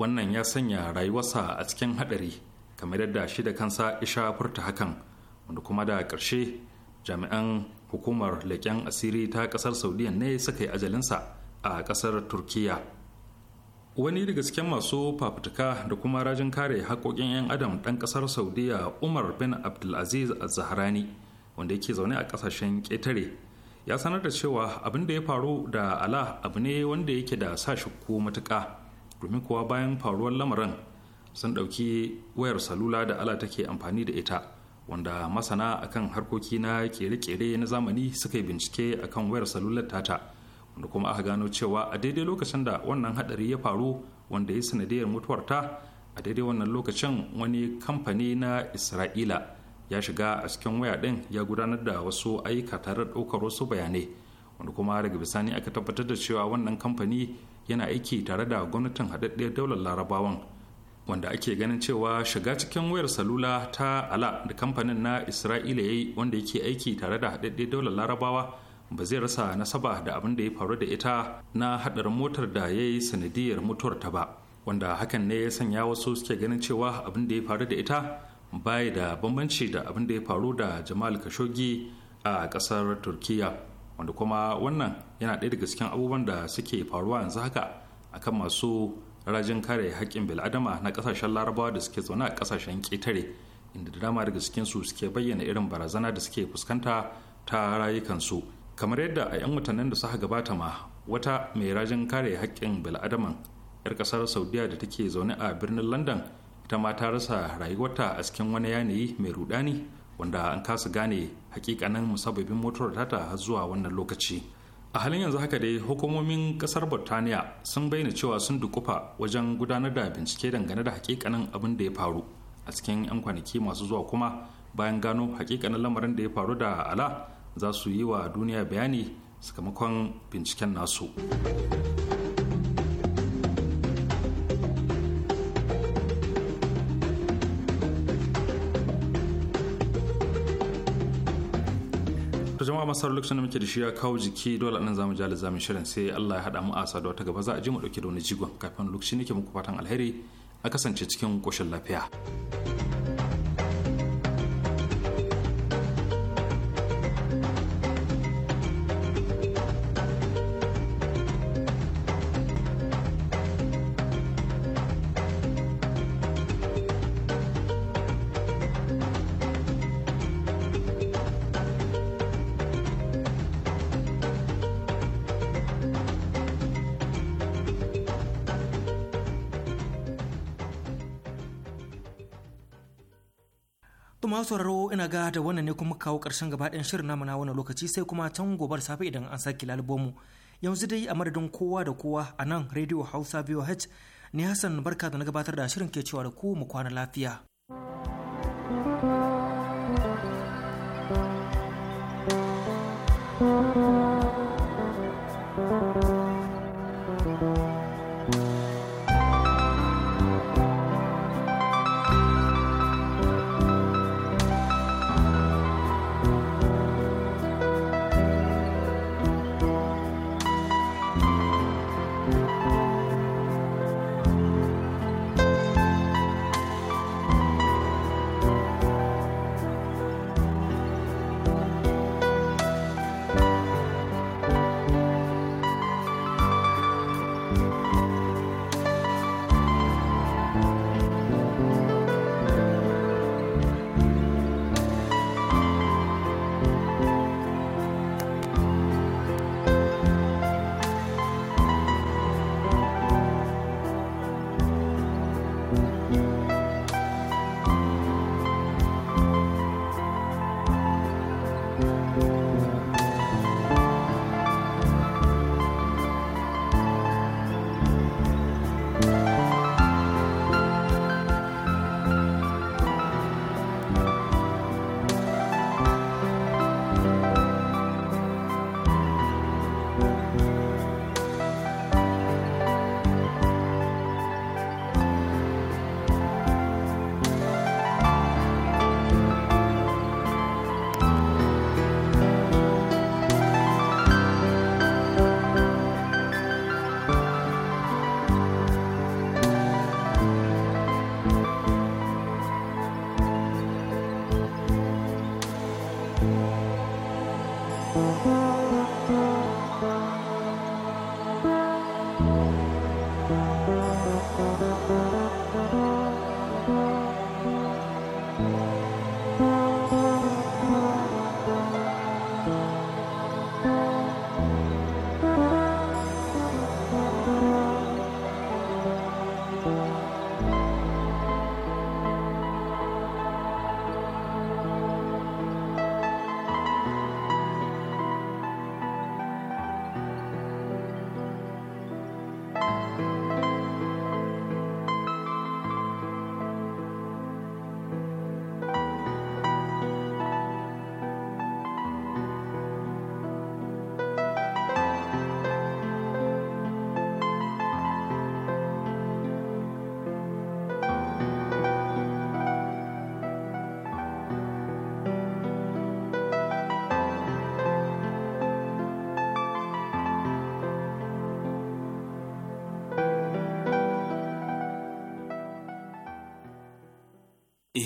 wannan ya sanya rayuwarsa a cikin haɗari kamar yadda shi da kansa isha furta hakan wanda kuma da ƙarshe jami'an hukumar leƙen asiri ta ƙasar saudiya ne suka yi ajalinsa a ƙasar Turkiyya? wani daga cikin masu fafutuka da kuma rajin kare haƙoƙin 'yan adam ɗan ƙasar saudiya umar bin abdulaziz zahrani wanda yake zaune a ƙasashen ƙetare ya sanar da cewa abin da ya faru da ala abu ne wanda yake da sa shi shakku matuƙa domin kuwa bayan faruwar lamarin sun ɗauki wayar salula da ala take amfani da ita wanda masana akan harkoki na kere-kere na zamani suka yi bincike akan wayar salular tata wanda kuma aka gano cewa a daidai lokacin da wannan hadari ya faru wanda ya sanadiyar mutuwarta a daidai wannan lokacin wani kamfani na isra'ila ya shiga a cikin waya ɗin ya gudanar da wasu ayyuka tare da ɗaukar wasu bayanai wanda kuma daga bisani aka tabbatar da cewa wannan kamfani yana aiki tare da gwamnatin haɗaɗɗiyar daular larabawan wanda ake ganin cewa shiga cikin wayar salula ta ala da kamfanin na isra'ila ya yi wanda yake aiki tare da haɗaɗɗiyar daular larabawa ba zai rasa nasaba da abin da ya faru da ita na haɗarin motar da ya yi sanadiyar mutuwar ta ba wanda hakan ne ya sanya wasu suke ganin cewa abin da ya faru da ita baya da bambanci da abin da ya faru da jamal kashogi a ƙasar turkiyya wanda kuma wannan yana ɗaya daga cikin abubuwan da suke faruwa yanzu haka akan masu rajin kare haƙƙin bil'adama na ƙasashen larabawa da suke zaune a ƙasashen ƙetare inda da dama daga cikin su suke bayyana irin barazana da suke fuskanta ta rayukansu kamar yadda a 'yan watannin da suka gabata ma wata mai rajin kare haƙƙin bil'adaman 'yar ƙasar saudiya da take zaune a birnin london ita ma ta rasa rayuwarta a cikin wani yanayi mai rudani wanda an kasa gane hakikanin musabbabin da tata har zuwa wannan lokaci a halin yanzu haka dai hukumomin kasar burtaniya sun bayyana cewa sun dukufa wajen gudanar da bincike dangane da hakikanin abin da ya faru a cikin 'yan kwanaki masu zuwa kuma bayan gano hakikanin lamarin da ya faru da ala za su yi wa duniya bayani sakamakon binciken nasu a masu lokacin da muke da shi ya kawo jiki dole nan zamu ji alizamin shirin sai Allah ya haɗa mu a saduwa ta gaba za a je mu dauke da wani jigon kafin lokaci nake muku fatan alheri a kasance cikin koshin lafiya. masu sauraro ina ga da wannan ne kuma kawo ƙarshen gaba ɗayan shirin namu na wannan lokaci sai kuma can gobar safe idan an sake lalbomu yanzu dai a madadin kowa da kowa a nan rediyo hausa voh ne hassan barka da na gabatar da shirin ke cewa da ku mu kwana lafiya. thank you